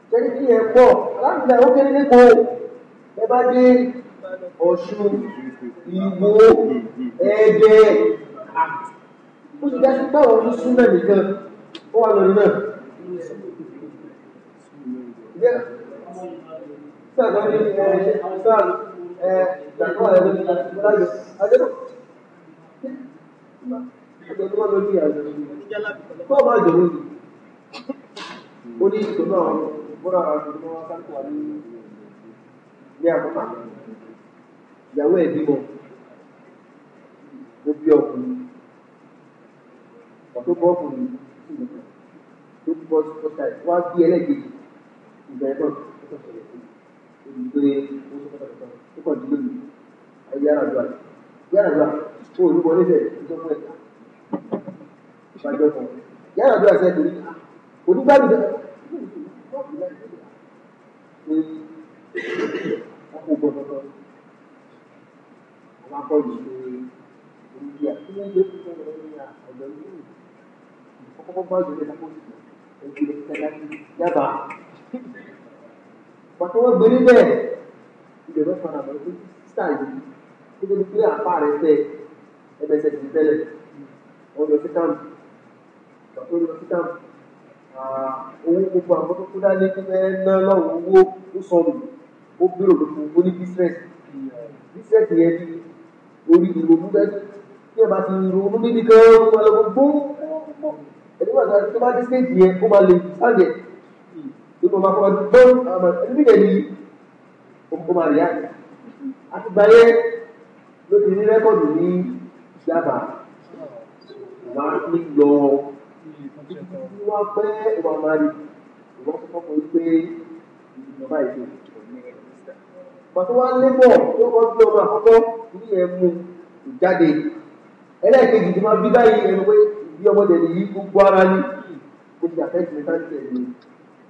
jẹ́ni kí ẹ pọ̀ aláǹdà ó kéré nípo ẹ bá dé Ọ̀ṣun Ìwó Ẹ̀dẹ́ jẹ́ sáàdọ́ ní ẹ sáàd ẹ gbàgbọ́ ẹ̀rọ ní láyọ̀ adébọ̀ ọjọ́ tó bá lọ sí àjọ tó bá jọ lónìí ó ní ìtò náà bọ́ra àwọn ọmọ sáńkù wà ní ní àkọ́kọ́ ìyàwó ẹ̀ bímọ ó bí ọkùnrin ọ̀tún bọ́ ọkùnrin tó bọ́ ọ̀tá wá bí ẹlẹ́gbẹ̀ẹ́ ìbẹ̀rẹ̀ tó tó fẹ̀rẹ̀ olùgbé owó tó kọ́ tó kọ́ dúró mi ayé àràdúrà yàràdúrà tó olúwọ níbẹ̀ tó fún ẹ̀ka ìṣàjọ kan yàràdúrà sẹ́ẹ̀ torí onígbàgbé dẹ́ pé ọkọ̀ gbọ́dọ̀ lọ àwọn akọ́yìn pé olùgbé àtúnyẹ́ ilé tó fẹ́ lọ́wọ́ ní ọ̀dọ́ ilé ìfọkọ́kọ́ gbọ́dọ̀ lọ́wọ́ ẹgbẹ́ tẹ́lá yàbá bàtà wọn gbé níbẹ̀ ibẹ̀ bá padà bọ̀ pé sísá yìí kí ló fi àpá rẹ̀ fẹ́ ẹgbẹ́sẹ̀ ti tẹ́lẹ̀ wọ́n lọ sí káàmù bàtà lọ sí káàmù owó gbogbo àwọn tó kú dání kí fẹ́ ná lọ́wọ́ owó ó sọnù ó bírò lóko ó ní bísírẹ́sì bísírẹ́sì yẹn ní orí ìrònú bẹ́ẹ̀ tí ẹ bá ti ìrònú níbi kan ó máa lọ gbogbo ẹni wà tó bá dé stéèjì yẹn ó máa lè sáàjẹ̀ nínú ọba kọ́ba gbọ́n àmọ́ ẹni nígbà yìí ó máa rí àyè àtìgbà yẹn ló ti ní rẹ́kọ̀dù ní ìjàmbá wà á ní yọ wá pẹ́ ìwà máa rí ìwọ́n tó kọ́kọ́ pé ìjọba ìlú pàtó wá lébọ̀ tó kọ́ bí ọmọ àkọ́kọ́ ní ẹ̀mú ìjáde ẹlẹ́ẹ̀kejì tó máa bí báyìí ẹnu pé bí ọmọdé nìyí gbogbo ara ní kò sì àfẹ́ ìsinmi táǹtì ẹ̀mí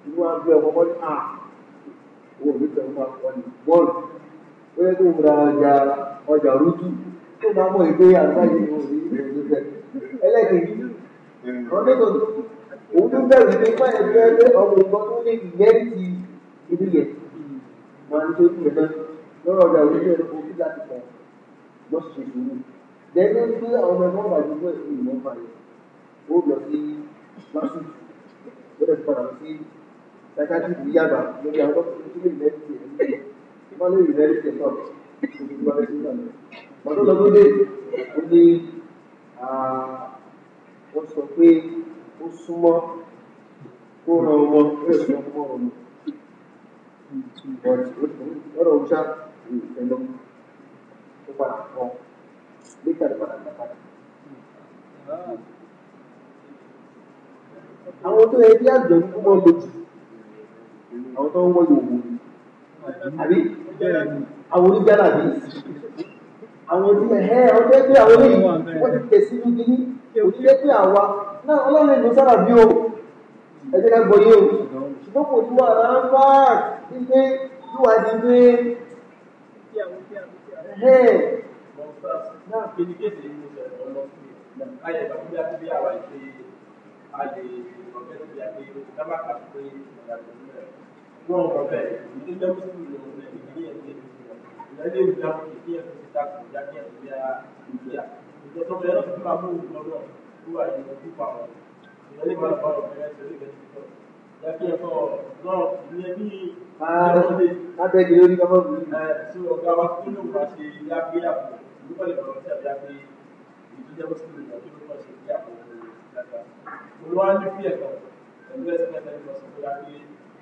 inú wa gbé ọmọ mọ́tò à ah! owó mi tẹ̀ wọ́n wọ́n ní bọ́ọ̀lù ó yẹ kó ra ọjà ọjà rútù tó máa mọ ìgbé àgbáyé ìwọ̀n ní ìgbẹ́ ẹlẹ́kẹ̀ẹ́ ọ̀dẹ́gbọ̀n òun tó bẹ̀rù ní báyìí bí wọ́n gbé ọmọ ìgbọ́n tó lè yẹ́ ti ibi yẹn máa ń tó tún ẹ̀dá lọ́rọ̀ ọjà òun psychiatric yàgbà lórí àwọn dókítà tó lè lẹ́yìn tiẹ̀ wọ́n lè lẹ́yìn tiẹ̀ náà gbogbo àwọn ẹ̀sìn náà gbọ́dọ̀ lọ́dún dé ó ní ó sọ pé ó súnmọ́ kó ran ọmọ bẹ́ẹ̀ sọ fún ọmọ mi ọ̀rọ̀ òun ṣá ìfẹ́ ń kú lójú àwọn tó ń wọ yòówù àbí àwọn onígbàlà bí àwọn onígbà ẹ ọjọ́ pé àwọn eléyìí wọ́n ti tẹ̀ sí níbi ní òṣìṣẹ́ pé àwa náà ọlọ́run ìlú sára bí o ẹ jẹ́ ká gbọ́ yé o ṣùgbọ́n kò tún wà rárá fáà sí pé yíwá di pé náà kí ni kéde yìí ṣe ọ̀rọ̀ sí i láyé bí àwa ìṣe àyè ọ̀gẹ́dẹ̀ bí a pé dábàá kà pé ìyàgbẹ́ wọn kọ bẹ́ẹ̀ ìdílé mùsùlùmí ló ń bẹ ìdílé ẹgbẹ ìdílé ìdílé ìdílé ìdílé ìdílé ìdílé ìdílé ìdílé ìdílé ìdílé ìdílé ìdílé ìdílé ìdílé ìdílé ìdílé ìdílé ìdílé ìdílé Lábẹ́ ìdí lórí kọ́mọ́ bù. Ṣé ọ̀gá wa kí ló wá ṣe yágbé àpò? Ìdúpọ̀ lè bọ̀rọ̀ sí àbí àpé ìdílé mùsùlùmí ló kí ló wá ṣe yágbé àpò? Olúwa ń fi ẹ̀kọ́ pẹ̀lú ẹ̀sìn mẹ́ta ní ọ̀sán tó yá pé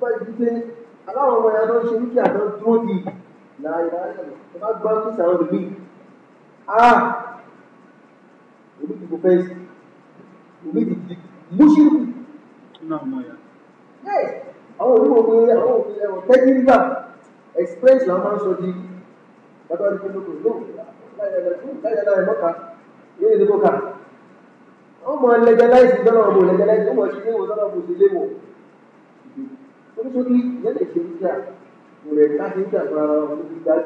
pẹ́ ju pé aláwọ̀ ọmọ ìyá tó ń ṣe ní kí àná dúró di láàyè láàyè tó bá gbọ́ kí sàrọ̀ lè mí. Ah! Èmi ti kò fẹ́ sí. Èmi ti di múṣírù. Nínú àwọn ọmọ ìyá. Bẹ́ẹ̀ àwọn olúwo pé àwọn òfin ẹ̀rọ tẹ́jú nígbà express làwọn máa ń sọ di bàbá rẹ̀ pẹ̀lú kò lóò láyé láyé mọ́ta yóò ní ọmọ legalize wọ́n ọmọ òṣèlú oníṣòwò ìyẹn lè ṣe ń jà kò lè ká ń jà fún ara wọn níbi ìgbà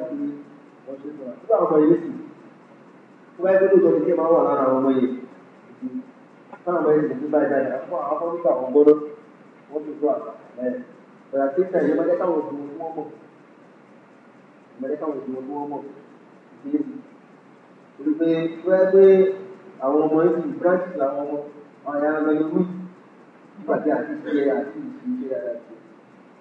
tí wọ́n ṣe fún wa yẹn sì wọ́n yẹ kó tó ní kí máa wà lára ọmọ yẹn táwọn ọmọ yẹn ti báyìí báyìí àwọn afọ nígbà wọn gbọ́dọ̀ wọ́n ti tó àgbà lẹ́yìn ọ̀rọ̀ àti ìta ìyẹn mọ́jẹ́ káwọn òdùn wọn mọ̀ mọ́jẹ́ káwọn òdùn gbé àwọn ọmọ yẹn sì branch làwọn ọmọ ọ̀yà ẹ̀rọ ìwé nígbà tí àti ìṣe àti ìṣe àti ìṣe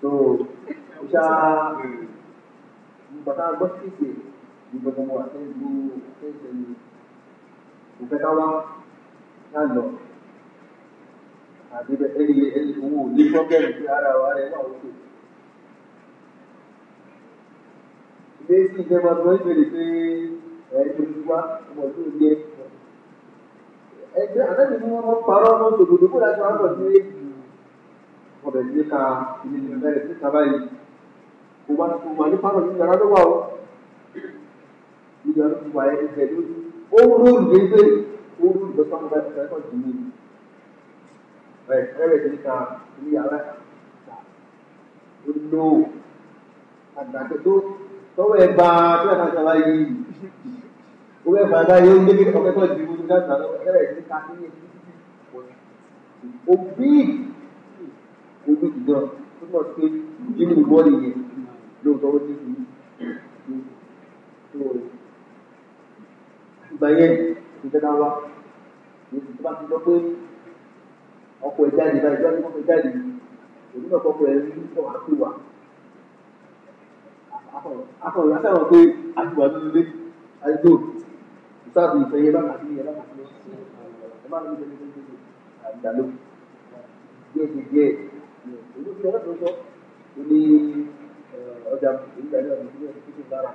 so siya yung bata basket eh yung bata mo atin bu atin yung katawa nando àti bẹ ẹni ẹni owó ní pọ́kẹ́lì tí ara wa rẹ̀ náà wọ́pẹ́. ilé sí ìjọba tó ń bèrè pé ẹ̀ẹ́dùn wá ọmọ tó ń gbé ẹgbẹ́ àtẹ́tù ni wọ́n parọ́ ọ̀dọ̀ yìí ka ìdílé bẹ̀rẹ̀ síta báyìí kò wá kò wà ní pàrọ̀ ní yàrá lọ́wọ́ o ìyá ló ti wà ẹ̀ ẹ̀ ló ó rú léwé ó rú ìgbésọ̀ ọ̀gá ìgbésọ̀ ẹ̀kọ́ jù mí ẹ̀ ẹ̀rẹ̀ yìí ka ní yàrá ó lò àgbàdo tó tọ́wọ́ ẹ̀ bá tó ẹ̀ máa ṣàlàyé yìí ó bẹ̀ bá dá yóò lé ọ̀gá ìgbésọ̀ jù mí ní àgbàdo ẹ̀rẹ̀ yìí ka ní ẹ̀ ojú ìgbọ́n túmọ̀ sí pé jíní ìbọ́ọ̀lì yẹn lóòótọ́ ó ti fi ìgbà yẹn ìjọba wa èsì tó bá ti lọ pé ọkọ̀ ìjáde bá ìjọba tó kọ̀ ìjáde èmi náà kọ́kọ́ ẹ̀ rí pọ̀ àti wà akọ̀rọ̀ látàwọn pé àtiwà nínú ilé àdúgbò ìsáàbù ìfẹ́ yẹn bá kàtí yẹn bá kàtí yẹn ẹ má lóye lóye lóye àdàló díẹ̀ díẹ̀ díẹ̀ ìlú tí wọ́n tó sọ ó ní ọjà nígbà náà ní ìlú tí kò dára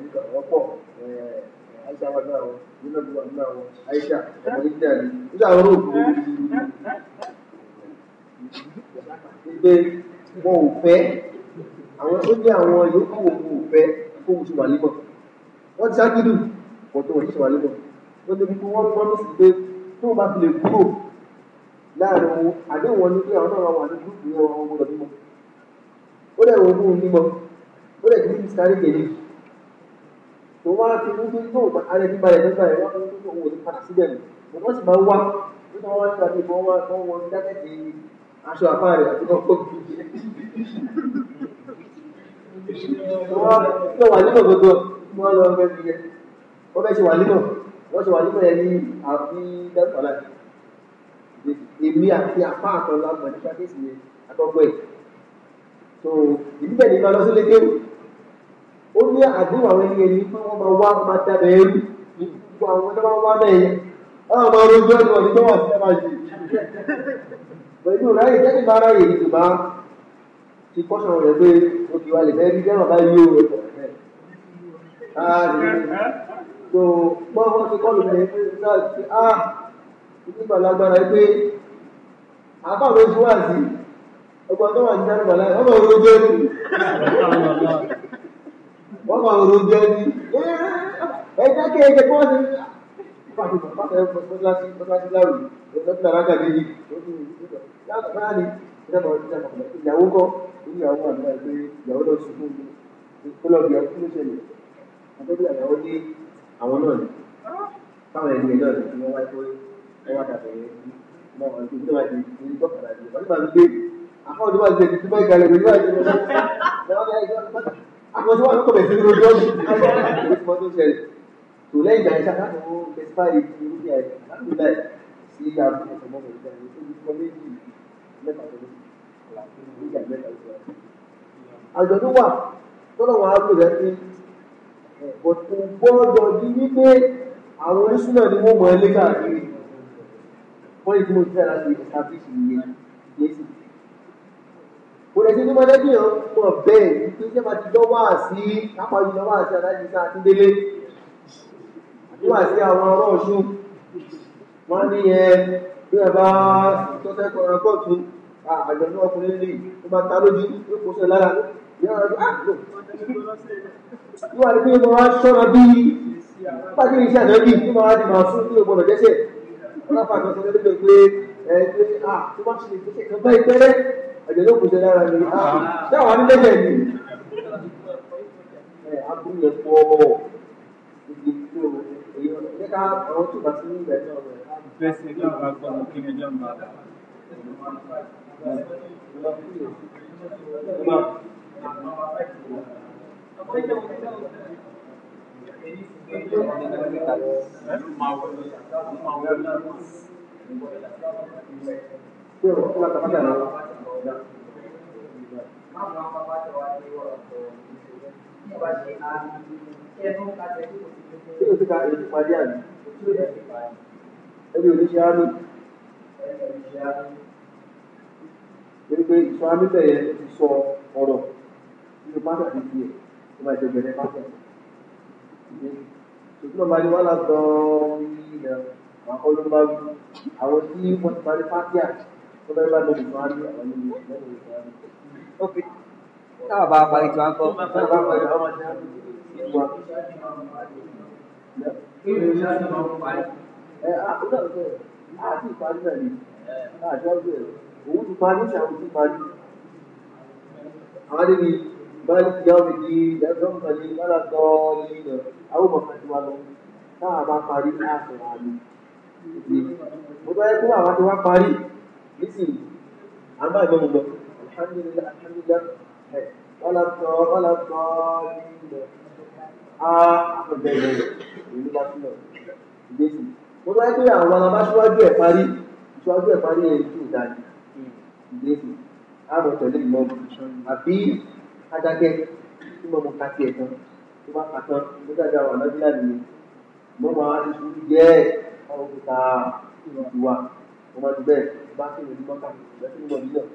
nígbà wọ́n pọ̀ Aisha wà náà wọn nínú ìlú wà náà wọn Aisha ọmọ nígbà ní nígbà wọn ò fún mi pé wọn ò fẹ́ àwọn ó ní àwọn yòókù òkú ò fẹ́ fóun ti wà níbọ̀ wọ́n ti ságídù pọ̀ tó wọ̀ ti wà níbọ̀ wọ́n ti fi wọ́n pọ́n láàrin wọn àdéhùn wọn ní pé àwọn náà wà ní gúúpù yẹn wọn gbọdọ̀ bímọ ó dẹ̀ wọ́n mú un bímọ ó dẹ̀ kí n sáré kèlè tó wá fi mú bí tó bá ara ẹni balẹ̀ nígbà yẹn wọ́n mú tó wò ní padà síbẹ̀ mi wọ́n sì máa wá nígbà wọn nígbà tí wọ́n wá wọ́n wọ jákèjì aṣọ àpá rẹ̀ àti wọ́n kọ́ bí wọ́n wà nínú gbogbo wọ́n lọ bẹ́ẹ̀ ni yẹn wọ́n fẹ́ ṣe wà nínú wọ́n ṣe wà nínú yẹn ní àbí dẹ́kọ̀ọ́ láti èmi àti apá àtọ̀ la mọ̀ nípa kéèsì yẹn àkọ́kọ́ ẹ̀ tó ìdíbẹ̀ ní ma lọ sílé kéwù ó ní àdéhùn àwọn ẹni ẹni pé wọ́n máa wá máa dábẹ̀ ẹrú gbogbo àwọn tó máa wá náà yẹn ọ̀rọ̀ máa rojú ẹ̀rù ọ̀dí tó wà sí ẹ̀ma jù pẹ̀lú ráyè jẹ́ ìgbà ráyè ní ìgbà ti kọ́sọ̀ rẹ̀ pé o ti wà lè fẹ́ rí dẹ́rọ̀ bá yí o rẹ̀ pọ̀ nípa lágbára pé àbá ló fi wá sí ọgbọ́n tó wà ní dánimọ̀ láì wọ́n máa ro jẹ́ ní wọ́n máa ro jẹ́ ní ẹ̀ẹ́dá kí ẹ̀jẹ̀ kọ́ sí pàtó pàtó ẹ̀fọ́ mọ́tíláṣí mọ́tíláṣí láwùí lọ́tí àràkà méjì láti máa ní ìyàwó kọ́ nínú àwọn àgbà ẹgbẹ́ ìyàwó lọ sí fún mi kólọ́bì ọkùn ló ṣẹlẹ̀ àtẹ́bí àyàwó ní àwọn náà ní táwọn ẹni náà ní wọ́n wáyé ẹ wá dàbẹ̀ yẹn mọ ọdún tó máa di ìdílé gbọ́kànlá yìí wọ́n máa ń gbé àwọn ọdún máa ń gbé ti bá ìgbàlẹ̀ pẹ̀lú àìsí ọdún àwọn ọdún wà lókọ̀ bẹ̀sẹ̀ lójú ọdún àwọn ọdún ṣẹlẹ̀ tò lẹ́yìn ìjà ìṣá láti mú fẹsífàì ti rúbí àìsàn láti láì sí àbúrò ọ̀sọ̀mọ́ ìjà àjọ tó wà tọ́lọ̀ wọn ágbò rẹ̀ ní ọ̀tún gbọ́dọ̀ di wípé àwọn oníṣúná ni wọ́n mọ̀ ẹ́ lé káàkiri wọ́n yìí tí mo ti rà láti establish iye ìgbésí. kò lè ṣe ní mọ́lẹ́bí hàn mọ̀ bẹ́ẹ̀ ni pé ṣé máa ti dán wá sí kápá yìí lọ́wọ́ àti adájú sáà ti délé àti wá sí àwọn ọ̀rọ̀ ọ̀ṣun wọ́n ní ẹ bí ẹ bá tọ́sẹ̀ kọ̀ọ̀rọ̀ pọ̀ tún àjọ náà ọkùnrin lè tó bá ta lójú ló kó sọ lára yóò rẹ á lò wọ́n á rí pé wọ́n á ṣọ́ra bíi pàṣẹ iṣẹ́ àdébì tí wọ́n á di màá fún ní ògbọ́dọ̀ jẹ́sẹ̀ ọlọ́pàá àti ọ̀sán lẹ́gbẹ̀ẹ́ pé ẹ pé à tí wọ́n ti lè fi kékeré bá ìpẹ́rẹ́ ẹ̀jẹ̀ ló kù sí lára mi ṣé àwọn adélẹ́gbẹ̀ ni ẹ aburú yẹn pọ̀ ibi tí o ẹ ká ọ̀rọ̀ tó bá sí ní ìgbà náà rẹ̀. Thank you. Ṣé o ti ka èyí pàdé àná? Ẹbí oníṣẹ́ àmì. Torí pé ìṣọ́ àmì tẹ̀yẹ ti sọ ọ̀rọ̀ nínú pátá ti ẹ̀ tó bá jẹ bẹ̀rẹ̀ pátá ṣùgbọ́n bá ní wọ́n látọ̀ ilẹ̀ àwọn olùbáwí àwọn tí wọ́n ti parí pátíà tó bẹ́ẹ̀ bá lóbi tó wá ní àwọn olùbáwí lẹ́nu ìgbà rẹ̀. ó fi táwọn bá parí tí wọ́n kọ́ bá parí ọmọ ìjà ìwà. kí ni ìṣe àti ọmọ parí? ẹ àkókò ọ̀sẹ̀ àti ìparí náà ni àjọ ọ̀sẹ̀ òun ti parí ṣàwọn ti parí. àwọn adébíyí. مالك يوم الدين لهم قليل ولا الضالين أو مفتوى لهم náà bá parí láàfin àmì mo bá yẹ kó àwọn tí wọ́n parí nísìnyí à ń bá ìgbọ́n gbọ́ alhamdulilayi alhamdulilayi ẹ wọ́n tọ́ wọ́n tọ́ nílẹ̀ á àpẹẹrẹ ìlú lásìlẹ̀ ìdésì mo bá yẹ kó àwọn alábá síwájú ẹ̀ parí síwájú ẹ̀ parí ẹ̀ adákẹ́ tí mo mọ ká tiẹ̀ tán tó bá kà tán tó dáadáa wà lọ́dún àná yẹn mo máa wá ti sùúrù jẹ́ ọ̀rọ̀ tó ta ìwà mo máa ti bẹ́ẹ̀ bá sì lè mọ́ ká ìgbà tí mo mọ̀ nílẹ̀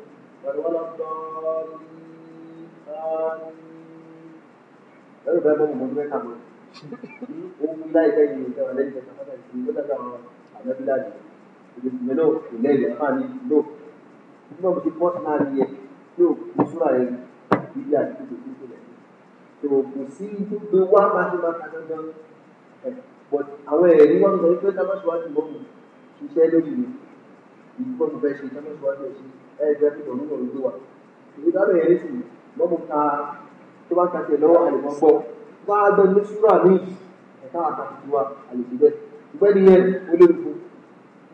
pẹ̀lú wọn lọ sọ ẹ̀rù bẹ́ẹ̀ mọ́ mo mọ̀ nílẹ̀ kàmọ́ òun ní láì fẹ́ yìí ìjọba lẹ́yìn ìjọba pátá ìṣòro tó dáadáa wà lọ́dún àná yẹn ìgbésùnmẹ́ náà kò lẹ́yìn àfáàní lò nígbà mo ti bọ́ sáà nìyẹn tí ò kú súrà yẹn nàìjíríà ní gbogbo gbogbo rẹ̀ tó kò sí gbogbo wá máa ṣe máa kàdán gan ẹ̀ but àwọn ẹ̀rí wọn sọ pé ká má ṣíwájú mọ́mù ṣiṣẹ́ lórí mi ìdíkọ́ tó fẹ́ ṣe ká má ṣíwájú ẹ̀ ṣe ẹ̀ jẹ́ pé tọ̀nù náà ló wà ìdí ká bẹ̀rẹ̀ sí mọ́mù ká tó bá kàṣẹ lọ́wọ́ àlùmọ́ gbọ́ bá a gbọ́ ní súrà mi ẹ̀ka àkàtúntì wa àlùsí bẹ́ẹ̀ ṣùgbọ́n ẹni yẹn olórúkú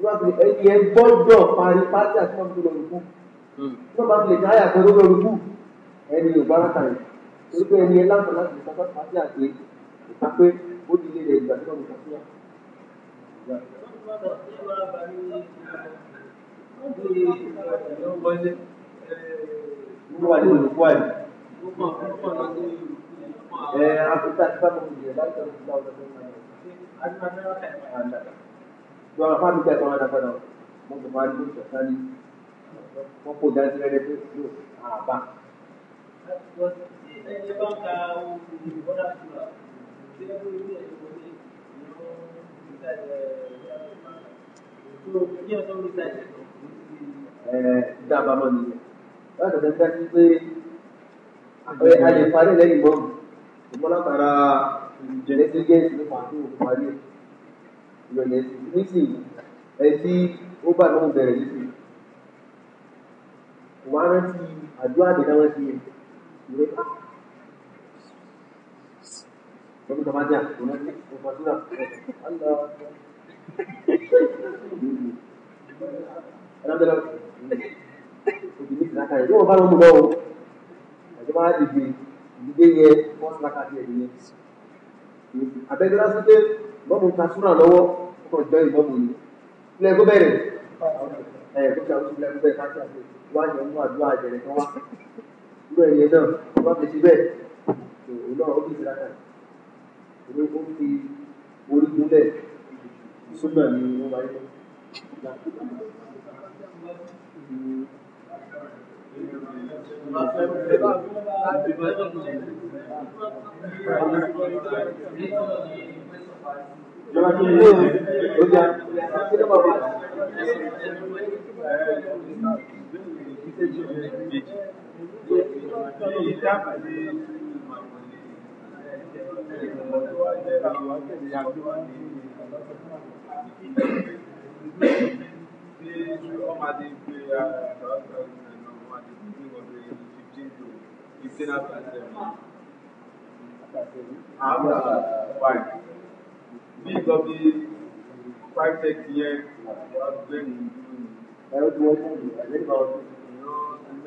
wọ́n fi ẹni yẹn gbọ́dọ̀ parí pátí hmm. àti ẹni ò bá rákà yìí torí pé ẹni ẹ láǹfà láti ìta fásitì àti ìta pé ó ti lé rẹ̀ ìgbà tí wọ́n ti fà Wọ́n wà ní olùkọ́ àyè. Ẹ̀ẹ́ Afrika ti bá mi jẹ láti ọdún ìgbà ọdún ìgbà ọdún. Gbọ́n àfáà mi kẹ́kọ̀ọ́ wọn dáadáa wọ́n kò máa ń lóṣù ọ̀sán ní wọ́n kó dáńtí rẹ̀ lẹ́gbẹ̀ẹ́ yóò àbá dábàá mọ́ ni láti ọ̀sẹ̀ dájú pé a lè parí lẹ́yìn mọ́ ìmọ̀ látara ìjẹ̀lẹ́sígẹ́sì nípa tó parí ìrọ̀lẹ́ nísìnyí ẹtí ó bá lóun bẹ̀rẹ̀ nísìnyí wọ́n á rántí àdúrà àdéhùn ẹ̀sìn yẹn. Kamu sama aja, Allah. Alhamdulillah. Begini yẹ wọ́n silakan di lọ́wọ́ ọkọ̀ jọ ìbọ́ọ̀mù ni. Ilé ẹgbẹ́ ẹgbẹ́ káàkiri wáyé irú ẹ̀yẹ náà wọ́n bá fi ti bẹ́ẹ̀ òun náà ó fi ti rárá òun ó fi orí gúnlẹ̀ sódà ni wọ́n máa ń lọ. Àwọn àgbàdo bí nǹkan bí five thirty yẹn wọ́n gbé ní ìlú ẹ̀rọ tí wọ́n ti ń lò ẹ̀rọ tí wọ́n ti ń lò.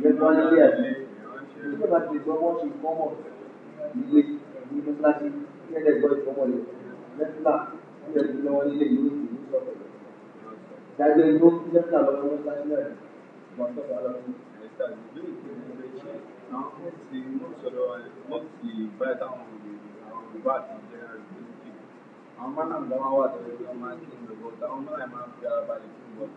ìyẹn tó wá ní ilé àti ìjọba ti gbọ́ wọ́n ṣe kọ́mọ̀ ìwé ìwé mọ́ṣáláṣí kí ẹ̀dẹ̀ gbọ́ ìfọ́mọ̀ lẹ̀ lẹ́fúlà wọ́n yẹ kí lọ́wọ́ nílé ìlú ìlú sọ̀tọ̀ ìdájọ́ ìlú lẹ́fúlà lọ́wọ́ mọ́ṣáláṣí náà wọ́n sọ̀tọ̀ alọ́ àwọn mọ̀tì mọ̀sọ̀rọ̀ mọ̀tì báyìí táwọn Yorùbá àti ìjẹun rẹ̀ ló ń kí àwọn mọ́nà ìdáwọ́ wà tó yẹ kí wọ́n máa kí ń lọ bọ́ táwọn mọ́nà máa ń fi ara balẹ̀ fún bọ́ọ̀lù.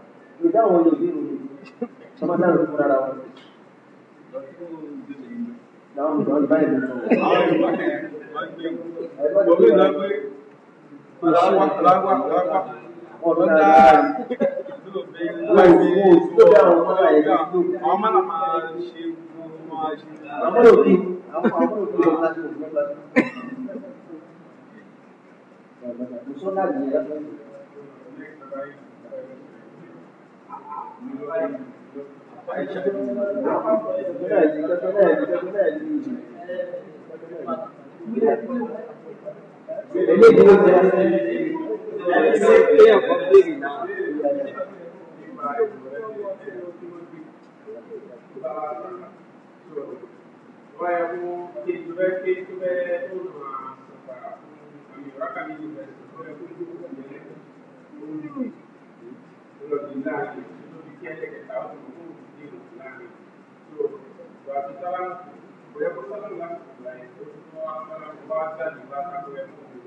ìdáhùn ọjọ́ bí ìròyìn ọmọ náà ló fúnra wọn. Láwọn ìgbà wọn báyìí lọ. Bọ̀dé náà pé láwà láwà láwà ọ̀dọ́ dáa. Àwọn máa máa ṣe àwọn òbí àwọn òbí wọn láti òbí wọn láti. Mo sọ́nà ìyá. eléyìí ló jẹ ṣe pé ọkọ béèrè náà. Thank you. lọ́dún láàrin lórí kí ẹ̀ṣẹ̀ kẹta ó tún kó ní ìlú láàrin tó ìwà àti sálámù kò yẹ kó sọ́dún láti ìgbà yẹn tó tún wá sálámù wá jáde wá sáko ẹ̀ fún mi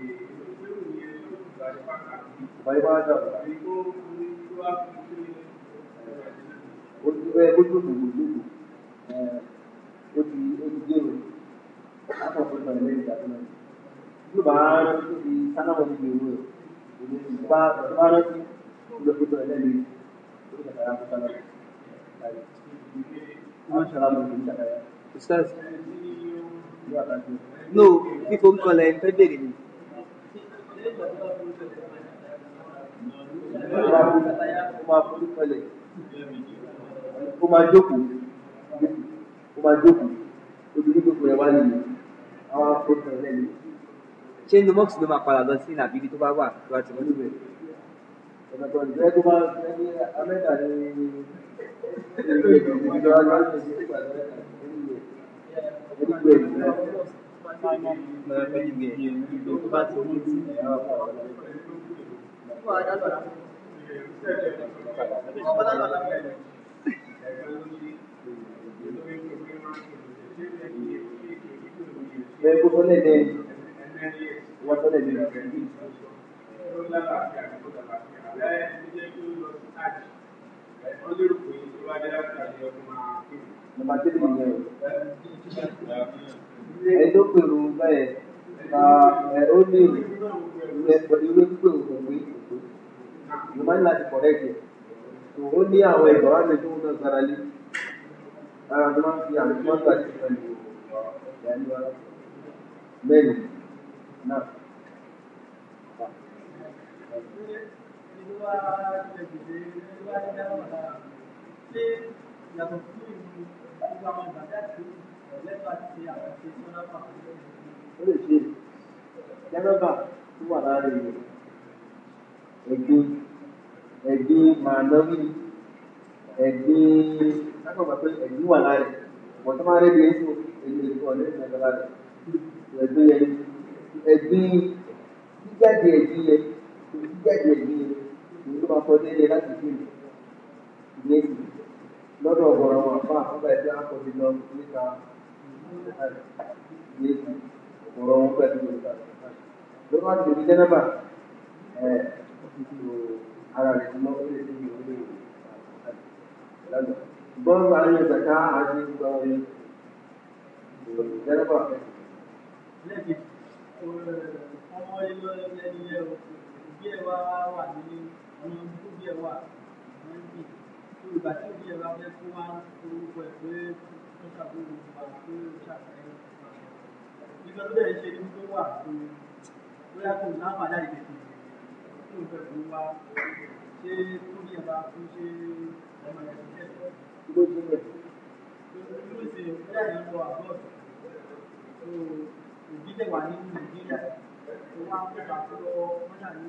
èyí tó ń yẹ ló ń gbà ní pàtàkì. báyìí bá dà bọ̀. àbí kó ní kí wá fi ṣe olókùtò ẹlẹ́ni tó ṣàkàrà tó sábà wọ́n ṣàrà lórí ìṣàkàrà. Ustaz. No, fífò ń kọlẹ̀ ń fẹ́ bèrè ni. Ó máa forí kọlẹ̀. Ó máa jókòó. Ó máa jókòó. Obìnrin gbogbo ẹ̀ wá nìyí. Àwọn afọ́tò ẹlẹ́ni. Ṣé inú mọ́ọ̀sì ló máa padà lọ sí ìlàbí ibi tó bá wà tó bá ti wọ́n ọ̀nà tó ń jẹ́ tó máa ń ní amẹ́ta ní ìjọba ló ń ṣe ìpàdé ẹ̀ẹ́dẹ́gbẹ̀ẹ́ ìgbẹ́. Bẹ́ẹ̀ kó tó lè dé, wọ́n tó lè dé. Nàbà tí mo yẹ o. Ẹ tó pèrò bẹ́ẹ̀ ka ẹ ó ní ìwé pẹ̀lú ìwé pípé òkòwé ìkòkò. Yorùbá ní láti kọ̀rẹ́ jẹ. Ó ní àwọn ẹ̀gbọ́n wá lójú náà gbára lé. Ara tó máa ń fi àmì tó ń gbà sí pẹ̀lú ìyáyíwá. náà wá jẹ gbèsè ẹni wá jẹ dáhùn lára ṣé yàtọ̀ fún ìlú gbogbo àwọn ìbàdí àti ọ̀lẹ́gbà ti àwọn ṣe sọ́dọ̀ fún àwọn ọ̀lẹ́gbà. ó lè ṣe jẹ́nẹ́bà tó wà lára ìlú ẹ̀gbẹ́ ẹ̀gbẹ́ màdọ́mì ẹ̀gbẹ́ sákòmọ̀ pé ẹ̀gbẹ́ wà lára ìwọ̀n tó máa rẹ́ bí ẹ̀sùn ẹ̀gbẹ́ ìlú ọ̀lẹ́gbà lára ẹ̀gbẹ́ ẹ̀gbẹ́ jíjáde ẹ̀gbẹ́ yẹn jíjáde ẹ̀gbẹ́ yẹn bá kọ délé láti bí ìwé ìlú lọ́dọ̀ ọ̀gọ̀rọ̀ wọn fà nígbà ẹgbẹ́ akọ̀dé lọ níta ìwé ìlú ọ̀gọ̀rọ̀ wọn pẹ̀lú ìgbà ló má ti rí dẹ́nàbà ẹ̀ ara rẹ̀ lọ sí ètò ìwé ìlú gbọ́n bá yẹ zaka àti ìgbà rẹ̀ dẹ́nàbà fẹ́. ọmọ ilé ẹni yẹn òbí ẹ wá wà nínú àwọn tó bí ẹ wà wọ́n ń bì tó ìgbà tí òbí ẹ bá fẹ́ kó wá orúkọ ẹ̀ pé wa pé ó ṣàbẹ̀rẹ̀ nígbà tó bẹ̀rẹ̀ ṣe ní tó wà tó bóyá kò láǹfààní àyè tètè tó ń fẹ́ kó wá ṣé tó bí ẹ bá fún ṣé ọmọ ẹ̀ ṣiṣẹ́ ló ti rẹ̀ ló ti rẹ̀ bóyá ìyẹn lọ àbọ̀dù tó òbí tẹ̀ wà ní Nàìjíríà tó wá kó bá tó lọ́wọ́ wọ́n ṣàní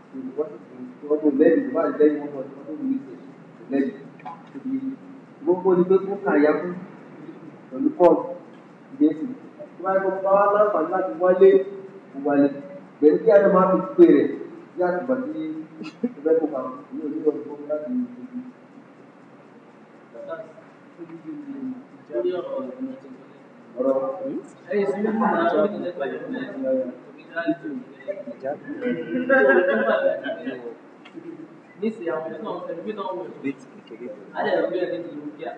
ọdún lẹ́yìn tó bá lẹ́yìn wọn ọdún ọdún yìí ṣe gbogbo ni pé kó kà ya fún pẹ̀lú pọ́ọ̀lù jésù tó bá yẹ kó bá wá láǹfààní láti wọlé ìwàlẹ̀ pẹ̀lú kí adé máa fi pè rẹ̀ bí àtùbà tí ẹgbẹ́ kó kà ní òní ọdún tó láti ní ìdí. ọ̀rọ̀ ẹ̀yìn sí mímú náà ó ní ìdẹ́gbàjọ́ fún ẹ̀yìn nísìnyí àwọn ọmọ náà ọ̀sẹ̀ níbi náà wọ̀ ọ́ adé ẹ̀rọ bíi ẹni tó ń kíá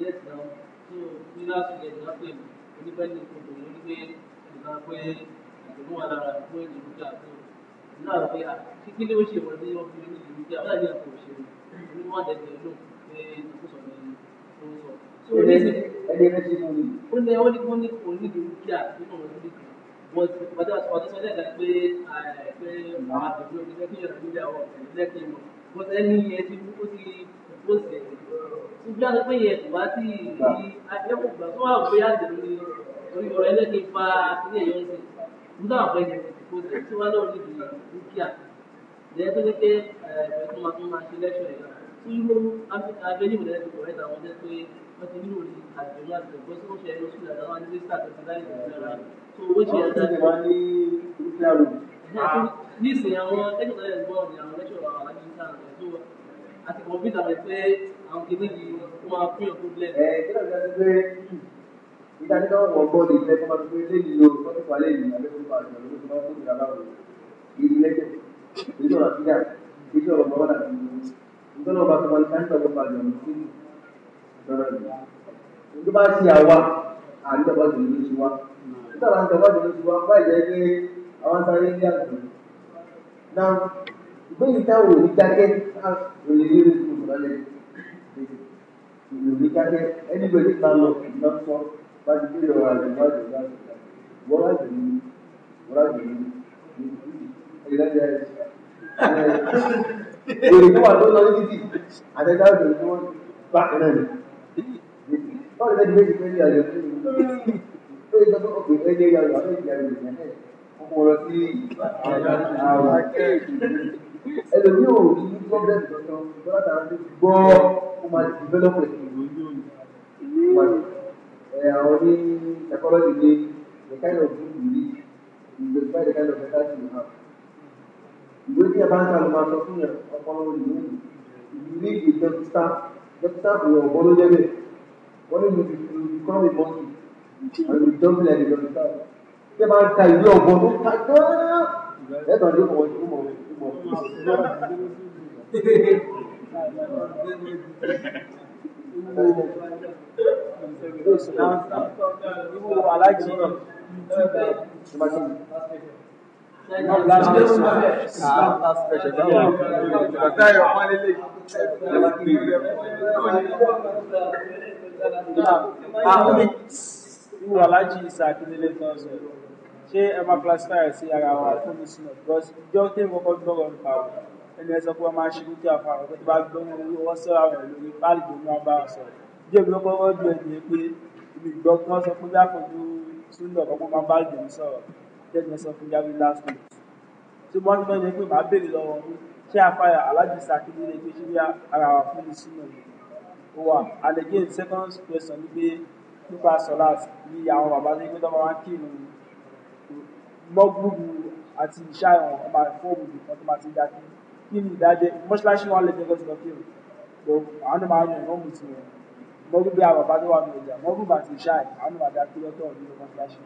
yẹ́s náà tó ní láti lè ní ọ́pẹ́ mi oníbẹ̀lì kòtò ní wípé ìgbà pé ìdùnnú wà lára fún ìlú kíá tó náà pé kíkí ni ó ṣe wọ́n ní ọ́pẹ́ mi ìlú kíá wọ́n láti yẹ kó ṣe ní wọ́n dẹ̀ tẹ̀ lóhùn pé ìtòkùsọ̀ ni ó ń sọ. ó ní ó ní kó ní kó ní ìlú kíá nínú ọ̀rọ̀ mo ọ̀dọ́ sọ lẹ́ẹ̀kan pé pé màá dùn lórí jẹ́ kí yẹn lórí àwọn ọ̀sẹ̀ kí mo mo tẹ́ ní iye tí ó ti ó sì ṣùgbọ́n àti pé yẹn kò bá tí ì akẹ́kọ̀ọ́ gbà tó wà pé àjẹ́ lórí orí ọ̀rọ̀ ẹlẹ́kìn fa ilé yẹn sí mo dáhùn pé yẹn kò sí tí wọ́n lọ́ọ́ níbi dúkìá lẹ́yìn tó ní pé ẹ̀ẹ́dẹ́gbẹ̀tún máa tún máa ṣe lẹ́ṣọ̀ yẹn tó yíwó abẹ́yẹ̀wò nísìnyí àwọn ẹgbẹ̀rún ẹ̀gbọ́n ni àwọn ẹ̀ṣọ́ àwọn àdìsá rẹ̀ àti kọ̀m̀pútà rẹ̀ pé àwọn kìíní yìí wọ́n á fún ẹ̀kú lẹ́nu. ẹ kí ló ń gbàgbé pé ìdájọ́ ọ̀gbọ̀n bọ́ọ̀lù ìfẹ́ tó máa ń gbé léyìn lóru tó ti falẹ̀ yìí abẹ́kùn máa ń kó ìdára rẹ̀ ìdí lẹ́jẹ̀ ìdí tó bá ṣe àwa àdìjọba tó ló ṣe wá nígbà wọn jọba tó ló ṣe wá báyìí jẹ́ pé àwọn sáré ní àgbẹ̀ náà ìgbéyìí táwọn òní dákẹ́ òní ní oṣù ìrọ̀lẹ́ òní dákẹ́ ẹni bẹ̀rẹ̀ nípa lọ ìlọ́sọ bá ti dé ọ̀rọ̀ àgbẹ̀ bá ti dá wọ́n á dùn ún wọ́n á dùn ún ìrẹ́jẹ èrè tó wà tó lọ ní títì àtẹ̀jáde tó wọ́n bá ẹ̀ náà Kalau kita dibeli dibeli aja. Itu itu tuh oke aja ya, ada yang jadi ini. Populasi awal. Ẹlòmí ò ní problem kankan, bọ́lá tàbí ti gbọ́ kó máa ti develop lójú òní. àwọn ní psychology ní the kind of thing you need, you verify the kind of mentality you have. Ìwé tí ẹ bá ń kà ló máa sọ fún yẹn ọpọlọ ìwé yìí. You need a dókítà, dókítà kò yẹ ọ̀pọ̀ ló jẹ́ bẹ́ẹ̀ wọ́n ní you become a monkey and you don't be like a donkey cow ṣé máa ń ta ìwé ọ̀gbọ́n tó ta gbọ́n lẹ́tọ̀ ní ọmọ ìlú mọ̀ Thank you. Ahmed irú aláàjì ìsàkíndélé tó ń sọ ṣé ẹ máa classify sí ara wa fún mi sùn because ìjọ tí mo kọ́ gbọ́rọ̀ nípa wọn ẹni ẹ sọ pé wọ́n máa ṣe lókè àfàrọ̀ pé tí bá gbọ́ wọn lórí wọ́n sọ̀rọ̀ àwọn èlò ní páàlì tó ní wọn bá wọn sọ̀rọ̀ bí èmi lọ́kọ́ wọ́n bí ẹni pé ibi ìgbọ́ tí wọ́n sọ pé láfojú súnlọ̀ kọ́kọ́ máa bá ìgbẹ́ mi sọ̀rọ̀ tẹ́lẹ̀ sọ fún yàrá last week tí wọ́n ti fẹ́ ni pé màá béèrè lọ́wọ́ ṣé àfàyà aláàjì ìsàkíndélé pé ṣé ó wà àlejò second question ni pé nípa sọláàtì ní àwọn bàbá tó ń gbé tó máa ń kírun mọ́gbùgbù àti ìṣàyàn ọba fóònù nìkan tó máa ti dá kí kí ni ìdájẹ́ mọ́ṣáláṣí wọn lè tẹ́kọ̀ọ́ ti lọ kírun tó àwọn máa ń yàn wọ́n mú tiwọn mọ́gbùgbù àwọn bàbá tó wà ní ọjà mọ́gbùgbù àti ìṣàyàn àwọn máa dá kí lọ́tọ̀ nínú mọ́ṣáláṣí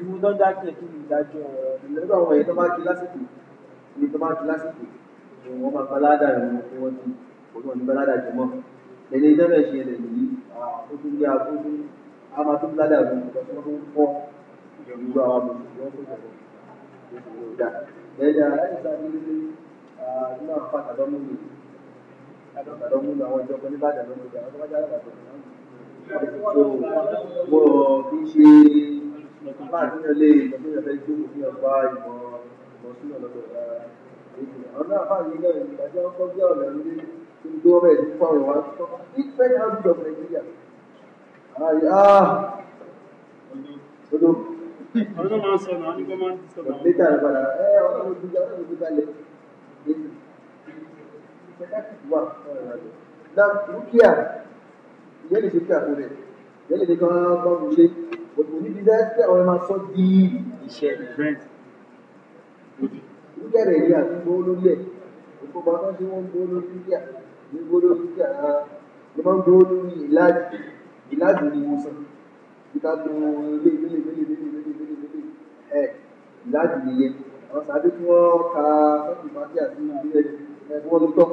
ìdúró tó ń dá kí kí ni ìdájọ́ ìlẹ́tọ̀ ọmọ tó máa kí lásìkò lẹ́nu iná rẹ̀ ṣe lẹ̀ lórí àtúntúndé àtúntún amatúndádà ló ń bọ̀ tó ń fọ́ ìjọba tó bọ̀ ìṣòro dà lẹ́yìn aláìsí sábẹ́lẹ́ nínú àwọn pàtàkì mi àtàkì mi ní àwọn ìjọba nígbàdàn ló ń bọ̀ àwọn tó bá jẹ́ àgbàdo so wọ́n kì í ṣe fáàtúnyẹ lé ìgbàgbọ́n ìfẹ́ tó kù ní ọgbà ìmọ̀ ìmọ̀ sínú ọ̀lọ́dọ̀ kí n gbé ọbẹ̀ yìí fáwọn ìwà tó kọ́ different houses of Nigeria. Ayi ah odo. Àwọn náà máa ń sọ náà, nígbà máa ń sọ náà. Bẹ́ẹ̀ni àgbà ẹ ọ̀nà mo dùn ọ̀nà mo dùn balẹ̀. Na dúkìá ìyẹn lè ṣe kí àpò rẹ̀, ìyẹn lè ṣe kí wọ́n bá wù lé. Òtún níbi dá sí àwọn gbogbo lórí kàrá ló máa ń dúró lórí ìlàjì ìlàjì ni mo sàn nígbà tó ilé ìbílẹ̀ ìbílẹ̀ ìbílẹ̀ ìbílẹ̀ ìbílẹ̀ ẹ̀ ìlàjì nìyẹn àwọn sàdé tí wọ́n ka sọ́ọ̀tì pàtí àti ìbílẹ̀ ẹ̀ tí wọ́n ló tọ́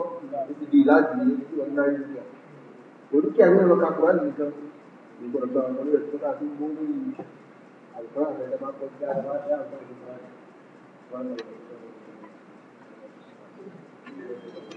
ó ti di ìlàjì nìyẹn tí wọ́n ń darí ìgbà oníkẹ́ àwọn ẹ̀rọ kakura nìkan ìgbọ̀dọ̀ tó àwọn ọmọdé tó ká fi mú ní àlùkò àti ẹ̀rọ máa kọ́ sí àwọn ọmọdé àwọn ọmọdé tó ká fi mú ní àlùkò àti ẹ̀rọ máa kọ́ sí àwọn ọmọdé tó ká fi mú ní àlùkò àti ẹ̀rọ máa kọ́ sí àwọn ọmọdé tó ká fi mú ní àlùkò àti ẹ̀rọ máa kọ́ sí àwọn ọmọdé tó ká fi mú ní àlùkò àti ẹ̀rọ máa kọ́ sí àwọn ọmọdé tó ká fi mú ní àlùkò àti ẹ̀rọ máa kọ́ sí àwọn ọmọdé tó ká fi mú ní àlùkò àti ẹ̀rọ máa kọ́ sí àwọn ọmọdé tó ká fi mú ní àlùkò àti ẹ̀rọ máa kọ́ sí àwọn ọmọdé tó ká fi mú ní àlùkò àti ẹ̀rọ máa kọ́ sí àwọn ọmọdé tó ká fi mú ní àlùkò àti ẹ̀rọ máa kọ́ sí àwọn ọmọdé tó ká fi mú ní àlùkò àti ẹ̀rọ máa kọ́ sí àwọn ọmọdé tó ká fi mú ní àlùkò àti ẹ̀rọ máa kọ́ sí àwọn ọmọdé tó ká fi mú ní àlùkò àti ẹ̀rọ máa kọ́ sí àwọn